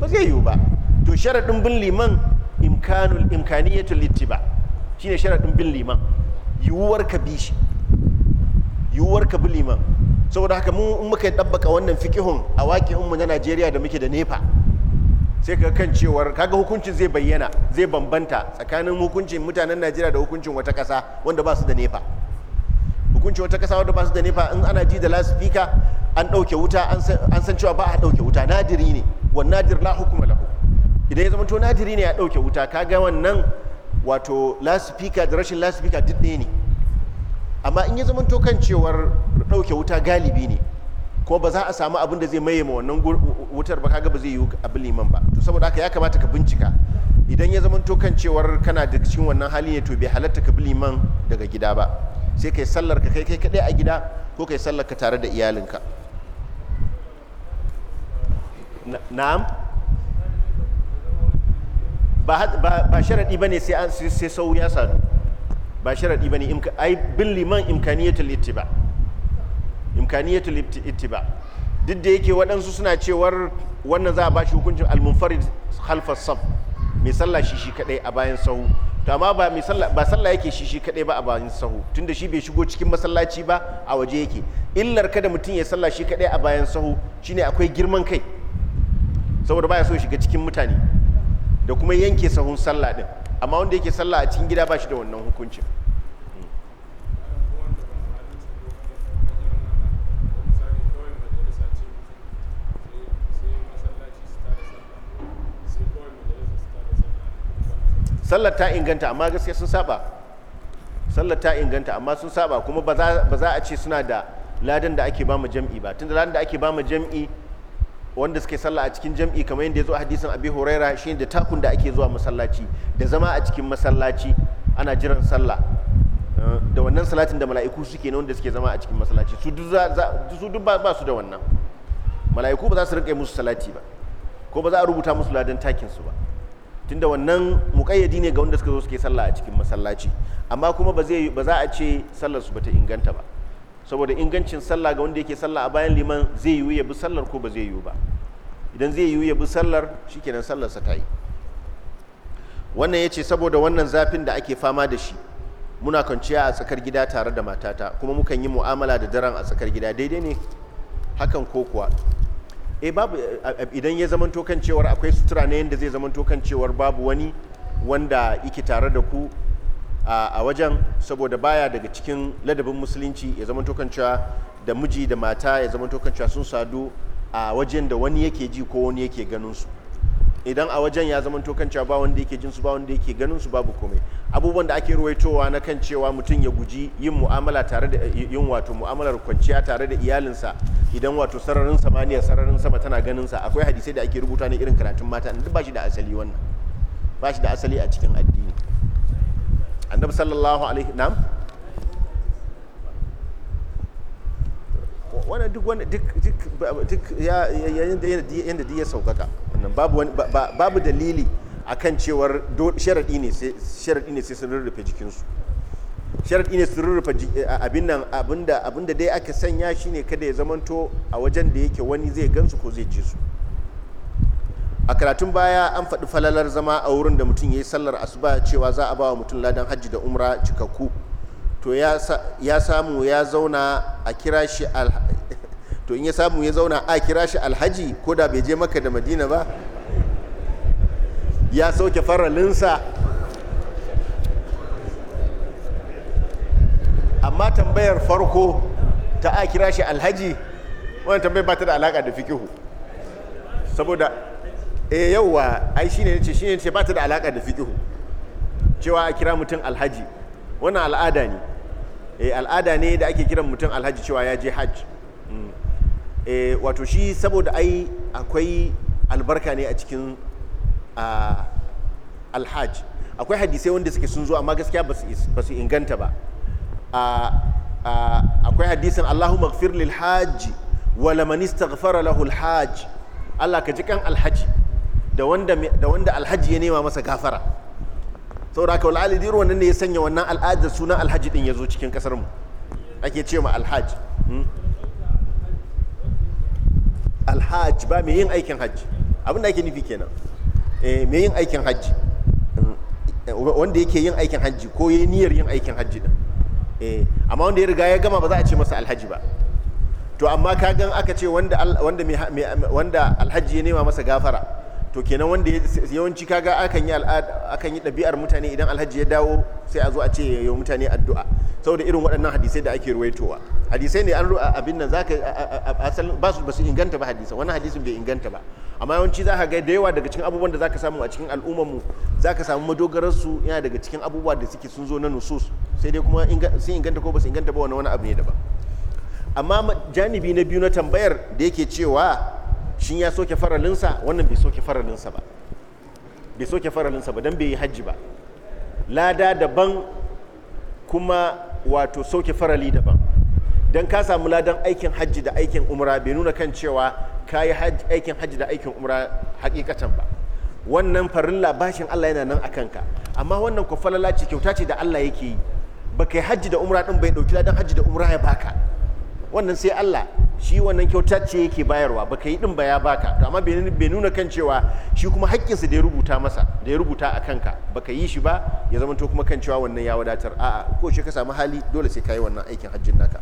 ba zai yiwu ba to sharaɗin bin liman imkanul imkaniyatul ittiba shine sharaɗin bin liman yiwuwar ka bi shi yiwuwar ka bi liman saboda haka mu in muka ɗabbaka wannan fikihun a waƙin mu na Najeriya da muke da nefa sai ka kan cewar kaga hukuncin zai bayyana zai bambanta tsakanin hukuncin mutanen najeriya da hukuncin wata kasa wanda ba su da nefa hukuncin wata kasa wanda ba su da nefa in ana ji da lasifika an ɗauke wuta an san cewa ba a ɗauke wuta nadiri ne wani nadir la hukuma lahu idan ya zama to nadiri ne ya ɗauke wuta kaga wannan wato lasifika da rashin lasifika duk ɗaya ne amma in ya zama to kan cewar ɗauke wuta galibi ne ko ba za a samu abin da zai maye ma wannan wutar ba kaga ba zai yi abin liman ba to saboda haka ya kamata ka bincika idan ya zama to kan cewar kana da cikin wannan hali ne to bai halatta ka bi liman daga gida ba sai kai sallar ka kai kai kadai a gida ko kai sallar ka tare da iyalinka na'am ba ba ba bane sai sai sau ya sadu ba sharaɗi bane ne ai bin liman imkaniyatul ittiba imkaniyatul ittiba duk da yake waɗansu suna cewar wannan za a ba shi hukuncin almunfarid khalfas saf mai sallah shi shi kadai a bayan sahu to amma ba mai sallah ba sallah yake shi shi kadai ba a bayan sahu tunda shi bai shigo cikin masallaci ba a waje yake illar kada mutum ya sallah shi kadai a bayan sahu shine akwai girman kai saboda baya so shiga cikin mutane da kuma yanke sahun sallah din amma wanda yake sallah a cikin gida ba shi da wannan hukuncin sallar ta inganta amma gaskiya sun saba sallar ta inganta amma sun saba kuma ba za a ce suna da ladan da ake ba mu jam'i ba tunda ladan da ake ba mu jam'i wanda suke sallah a cikin jam'i kamar yadda ya zo a hadisin abi huraira shine da takun da ake zuwa masallaci da zama a cikin masallaci ana jiran sallah da wannan salatin da mala'iku suke na wanda suke zama a cikin masallaci su duk ba su da wannan mala'iku ba za su rinka musu salati ba ko ba za a rubuta musu ladan takin su ba tunda wannan mukayyadi ne ga wanda suka zo suke sallah a cikin masallaci amma kuma ba za a ce sallar su bata inganta ba saboda ingancin sallah ga wanda yake sallah a bayan liman zai yiwu ya bi sallar ko ba zai yiwu ba idan zai yiwu ya bi sallar shikenan sallar sa tayi yi wannan ya saboda wannan zafin da ake fama da shi muna kwanciya a tsakar gida tare da matata kuma mukan yi mu'amala da daren a tsakar gida daidai ne hakan ko kuwa eh babu eh, idan ya zamanto kan cewar akwai sutura ne yadda zai zamanto kan cewar babu wani wanda yake tare da ku a wajen saboda baya daga cikin ladabin musulunci ya zamanto kan cewa da miji da mata ya zamanto kan cewa sun sadu a wajen da wani yake ji ko wani yake ganin su idan a wajen ya zama kan cewa ba wanda yake jinsu ba wanda yake ganin su babu komai abubuwan da ake ruwaitowa na kan cewa mutum ya guji yin mu'amala tare da yin wato mu'amalar kwanciya tare da iyalinsa idan wato sararin samaniya sararin sama tana ganin sa akwai hadisai da ake rubuta ne irin karatun mata duk ba shi da asali wannan ba shi da asali a cikin addini annabi sallallahu alaihi na'am wannan duk wannan duk duk yanda ya saukaka nan babu dalili akan cewar sharaɗi ne sai sun rurrufe jikinsu sharaɗi ne sun rurrufe eh, abin nan abin da dai aka sanya shine kada ya zamanto a wajen da yake wani zai gansu ko zai ji su a karatun baya an faɗi falalar zama a wurin da mutum ya yi sallar asuba cewa za a ba wa mutum ladan hajji da umra cikakku to ya samu ya zauna a kira shi to in ya samu ya zauna a kira shi alhaji ko da bai je maka da madina ba ya sauke faralinsa amma tambayar farko ta a kira shi alhaji wani tambayar ba ta da alaka da fikihu saboda e yauwa ai shine ne shine ce ba ta da alaka da fikihu cewa a kira mutum alhaji wani al'ada ne eh, al'ada ne da ake kiran mutum alhaji cewa ya je hajji e, wato shi saboda ai akwai albarka ne a cikin alhaj akwai hadisai wanda suke sun zo amma gaskiya ba su inganta ba akwai hadisan, allahu magfir lil haji wala man istaghfara lahu Allah ka ji kan alhaji da wanda alhaji ya nema masa gafara saboda haka wal wannan ne ya sanya wannan al'adar sunan alhaji din ya zo cikin kasar mu ake ce ma alhaji hmm? alhaj ba mai yin aikin hajji abin da ake nufi kenan eh, mai yin aikin hajji mm. wanda yake yin aikin hajji ko ya niyyar yin aikin hajji din eh, amma wanda ya riga ya gama ba za a ce masa alhaji ba to amma ka gan aka ce wanda wanda alhaji ya nema masa gafara to kenan wanda yawanci kaga akan yi akan yi ɗabi'ar mutane idan alhaji ya dawo sai a zo a ce ya mutane addu'a saboda irin waɗannan hadisai da ake ruwaitowa hadisai ne an abin nan zaka asalin ba su inganta ba hadisan wannan hadisin bai inganta ba amma yawanci za ka ga da yawa daga cikin abubuwan da zaka samu a cikin al'ummar mu zaka samu madogarar su yana daga cikin abubuwa da suke sun zo na nusus sai dai kuma sun inganta ko ba su inganta ba wani wani abu ne daban amma janibi na biyu na tambayar da yake cewa shi ya soke faralinsa wannan bai soke faralinsa ba bai soke faralinsa ba don bai yi hajji ba lada daban kuma wato soke farali daban don ka samu ladan aikin hajji da aikin umra bai nuna kan cewa ka yi aikin hajji da aikin umra hakikatan ba wannan farilla bashin Allah yana nan a kanka amma wannan kwafalala ce kyauta ce da Allah yake yi ba kai hajji da umra din bai ɗauki, ladan hajji da umra ya baka wannan sai Allah shi wannan kyauta ce yake bayarwa baka yi ɗin ba ya baka to amma bai nuna kan cewa shi kuma haƙƙinsa da ya rubuta masa da ya rubuta a kanka baka yi shi ba ya zama to kuma kan cewa wannan ya wadatar a'a ko shi ka samu hali dole sai ka yi wannan aikin hajjin naka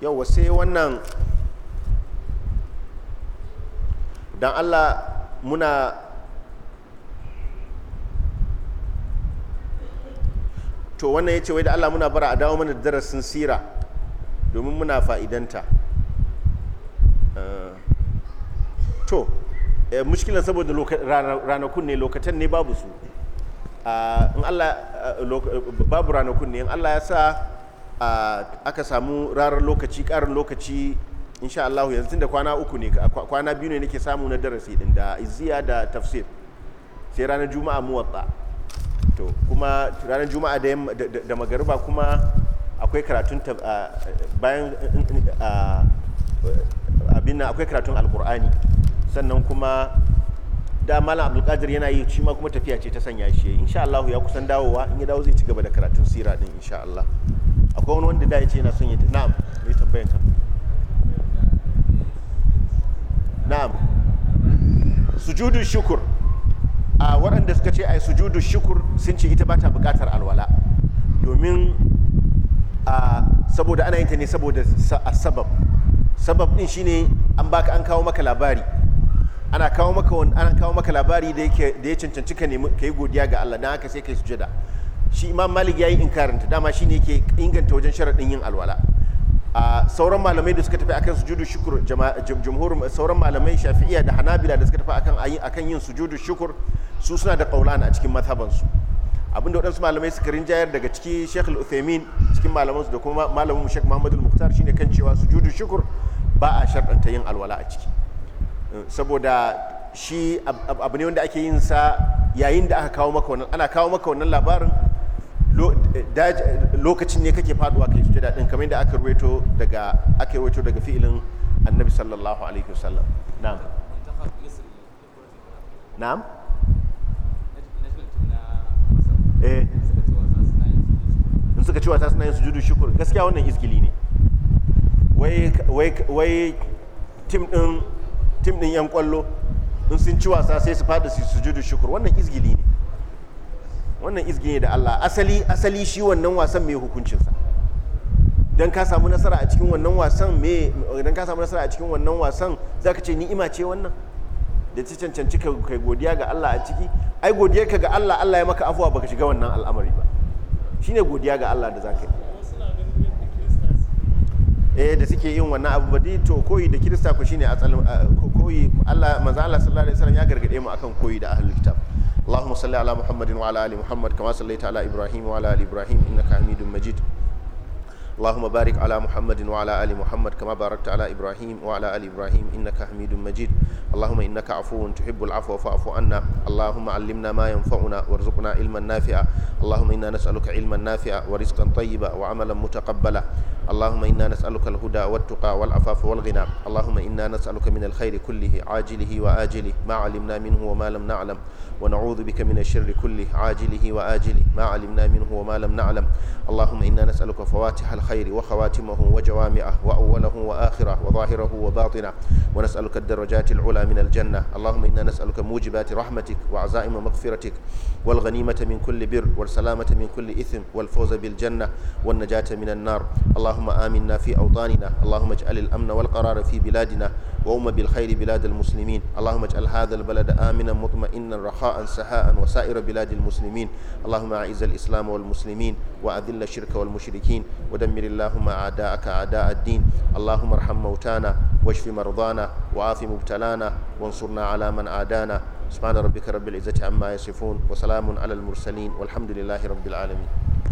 yau sai wannan dan Allah muna to wannan ya ce wai da Allah muna bara a dawo mana da darasin sira domin muna fa'idanta eh, to eh, mushkilar saboda ranakun ne lokatan ne babu su ah, eh, babu ranakun ne in Allah ya sa ah, aka samu rarar lokaci karin lokaci insha Allah yanzu da kwana uku ne kwana biyu ne nake samu na darasi ɗin da izziya da tafsir sai ranar juma'a muwatsa to kuma ranar juma'a da magariba kuma akwai karatun bayan abin akwai karatun alkur'ani sannan kuma da malam abdulkadir yana yi shi ma kuma tafiya ce ta sanya shi insha Allah ya kusan dawowa in ya dawo zai ci gaba da karatun sira din insha Allah akwai wani wanda da ya ce yana son ya na'am mai tambayan ka na'am sujudu shukur a waɗanda suka ce a yi sujudu shukur sun ce ita ba ta buƙatar alwala domin a saboda ana yin ta ne saboda a sabab sabab ɗin shine an baka an kawo maka labari ana kawo maka ana kawo maka labari da yake da ya cancanci ka nemi kai godiya ga Allah dan haka sai kai sujada shi Imam Malik yayi inkarin ta dama shine yake inganta wajen sharadin yin alwala sauran malamai da suka tafi akan sujudu shukur jumhur sauran malamai shafi'iyya da hanabila da suka tafi akan akan yin sujudu shukur su suna da qaulana a cikin mazhaban su abinda waɗansu malamai suka rinjayar daga ciki Sheikh Al-Uthaymeen cikin malaman su da kuma malamin Sheikh Muhammad Al-Muqtar shine kan cewa sujudu shukur ba a sharɗanta yin alwala a ciki eh, saboda shi abu ne wanda ake yin sa yayin da aka kawo maka wannan ana kawo maka wannan labarin Eh, eh, lokacin ne kake faduwa kai sujada daɗin kamar yadda aka ruwaito daga aka ruwaito daga fi'ilin annabi sallallahu alaihi wasallam na'am na'am eh in suka ce wata suna yin sujudu shukur gaskiya wannan izgili ne wai wai wai tim din tim din yan kwallo in sun ci wasa sai su fada su sujudu shukur wannan izgili ne wannan izgi ne da Allah asali asali shi wannan wasan mai hukuncinsa dan ka samu nasara a cikin wannan wasan me dan ka samu nasara a cikin wannan wasan zaka ce ni'ima ce wannan da ci cancanci ka kai godiya ga Allah a ciki ai ka ga Allah Allah ya maka afuwa baka shiga wannan al'amari ba shine godiya ga Allah da zaka yi eh da suke yin wannan abu ba to koyi da kirista ku shine asalin koyi Allah manzo Allah sallallahu alaihi wasallam ya gargade mu akan koyi da ahlul kitab اللهم صل على محمد وعلى ال محمد كما صليت على ابراهيم وعلى ال ابراهيم انك حميد مجيد اللهم بارك على محمد وعلى ال محمد كما باركت على ابراهيم وعلى ال ابراهيم انك حميد مجيد اللهم انك عفو تحب العفو فاعف عنا اللهم علمنا ما ينفعنا وارزقنا علما نافعا اللهم انا نسالك علما نافعا ورزقا طيبا وعملا متقبلا اللهم انا نسالك الهدى والتقى والعفاف والغنى اللهم انا نسالك من الخير كله عاجله واجله ما علمنا منه وما لم نعلم ونعوذ بك من الشر كله عاجله وآجله ما علمنا منه وما لم نعلم اللهم إنا نسألك فواتح الخير وخواتمه وجوامعه وأوله وآخره وظاهره وباطنه ونسألك الدرجات العلى من الجنة اللهم إنا نسألك موجبات رحمتك وعزائم مغفرتك والغنيمة من كل بر والسلامة من كل إثم والفوز بالجنة والنجاة من النار اللهم آمنا في أوطاننا اللهم اجعل الأمن والقرار في بلادنا وأم بالخير بلاد المسلمين اللهم اجعل هذا البلد آمنا مطمئنا رخاء رخاء سهاء وسائر بلاد المسلمين اللهم أعز الإسلام والمسلمين وأذل الشرك والمشركين ودمر اللهم أعداءك أعداء الدين اللهم ارحم موتانا واشف مرضانا وعاف مبتلانا وانصرنا على من عادانا سبحان ربك رب العزة عما يصفون وسلام على المرسلين والحمد لله رب العالمين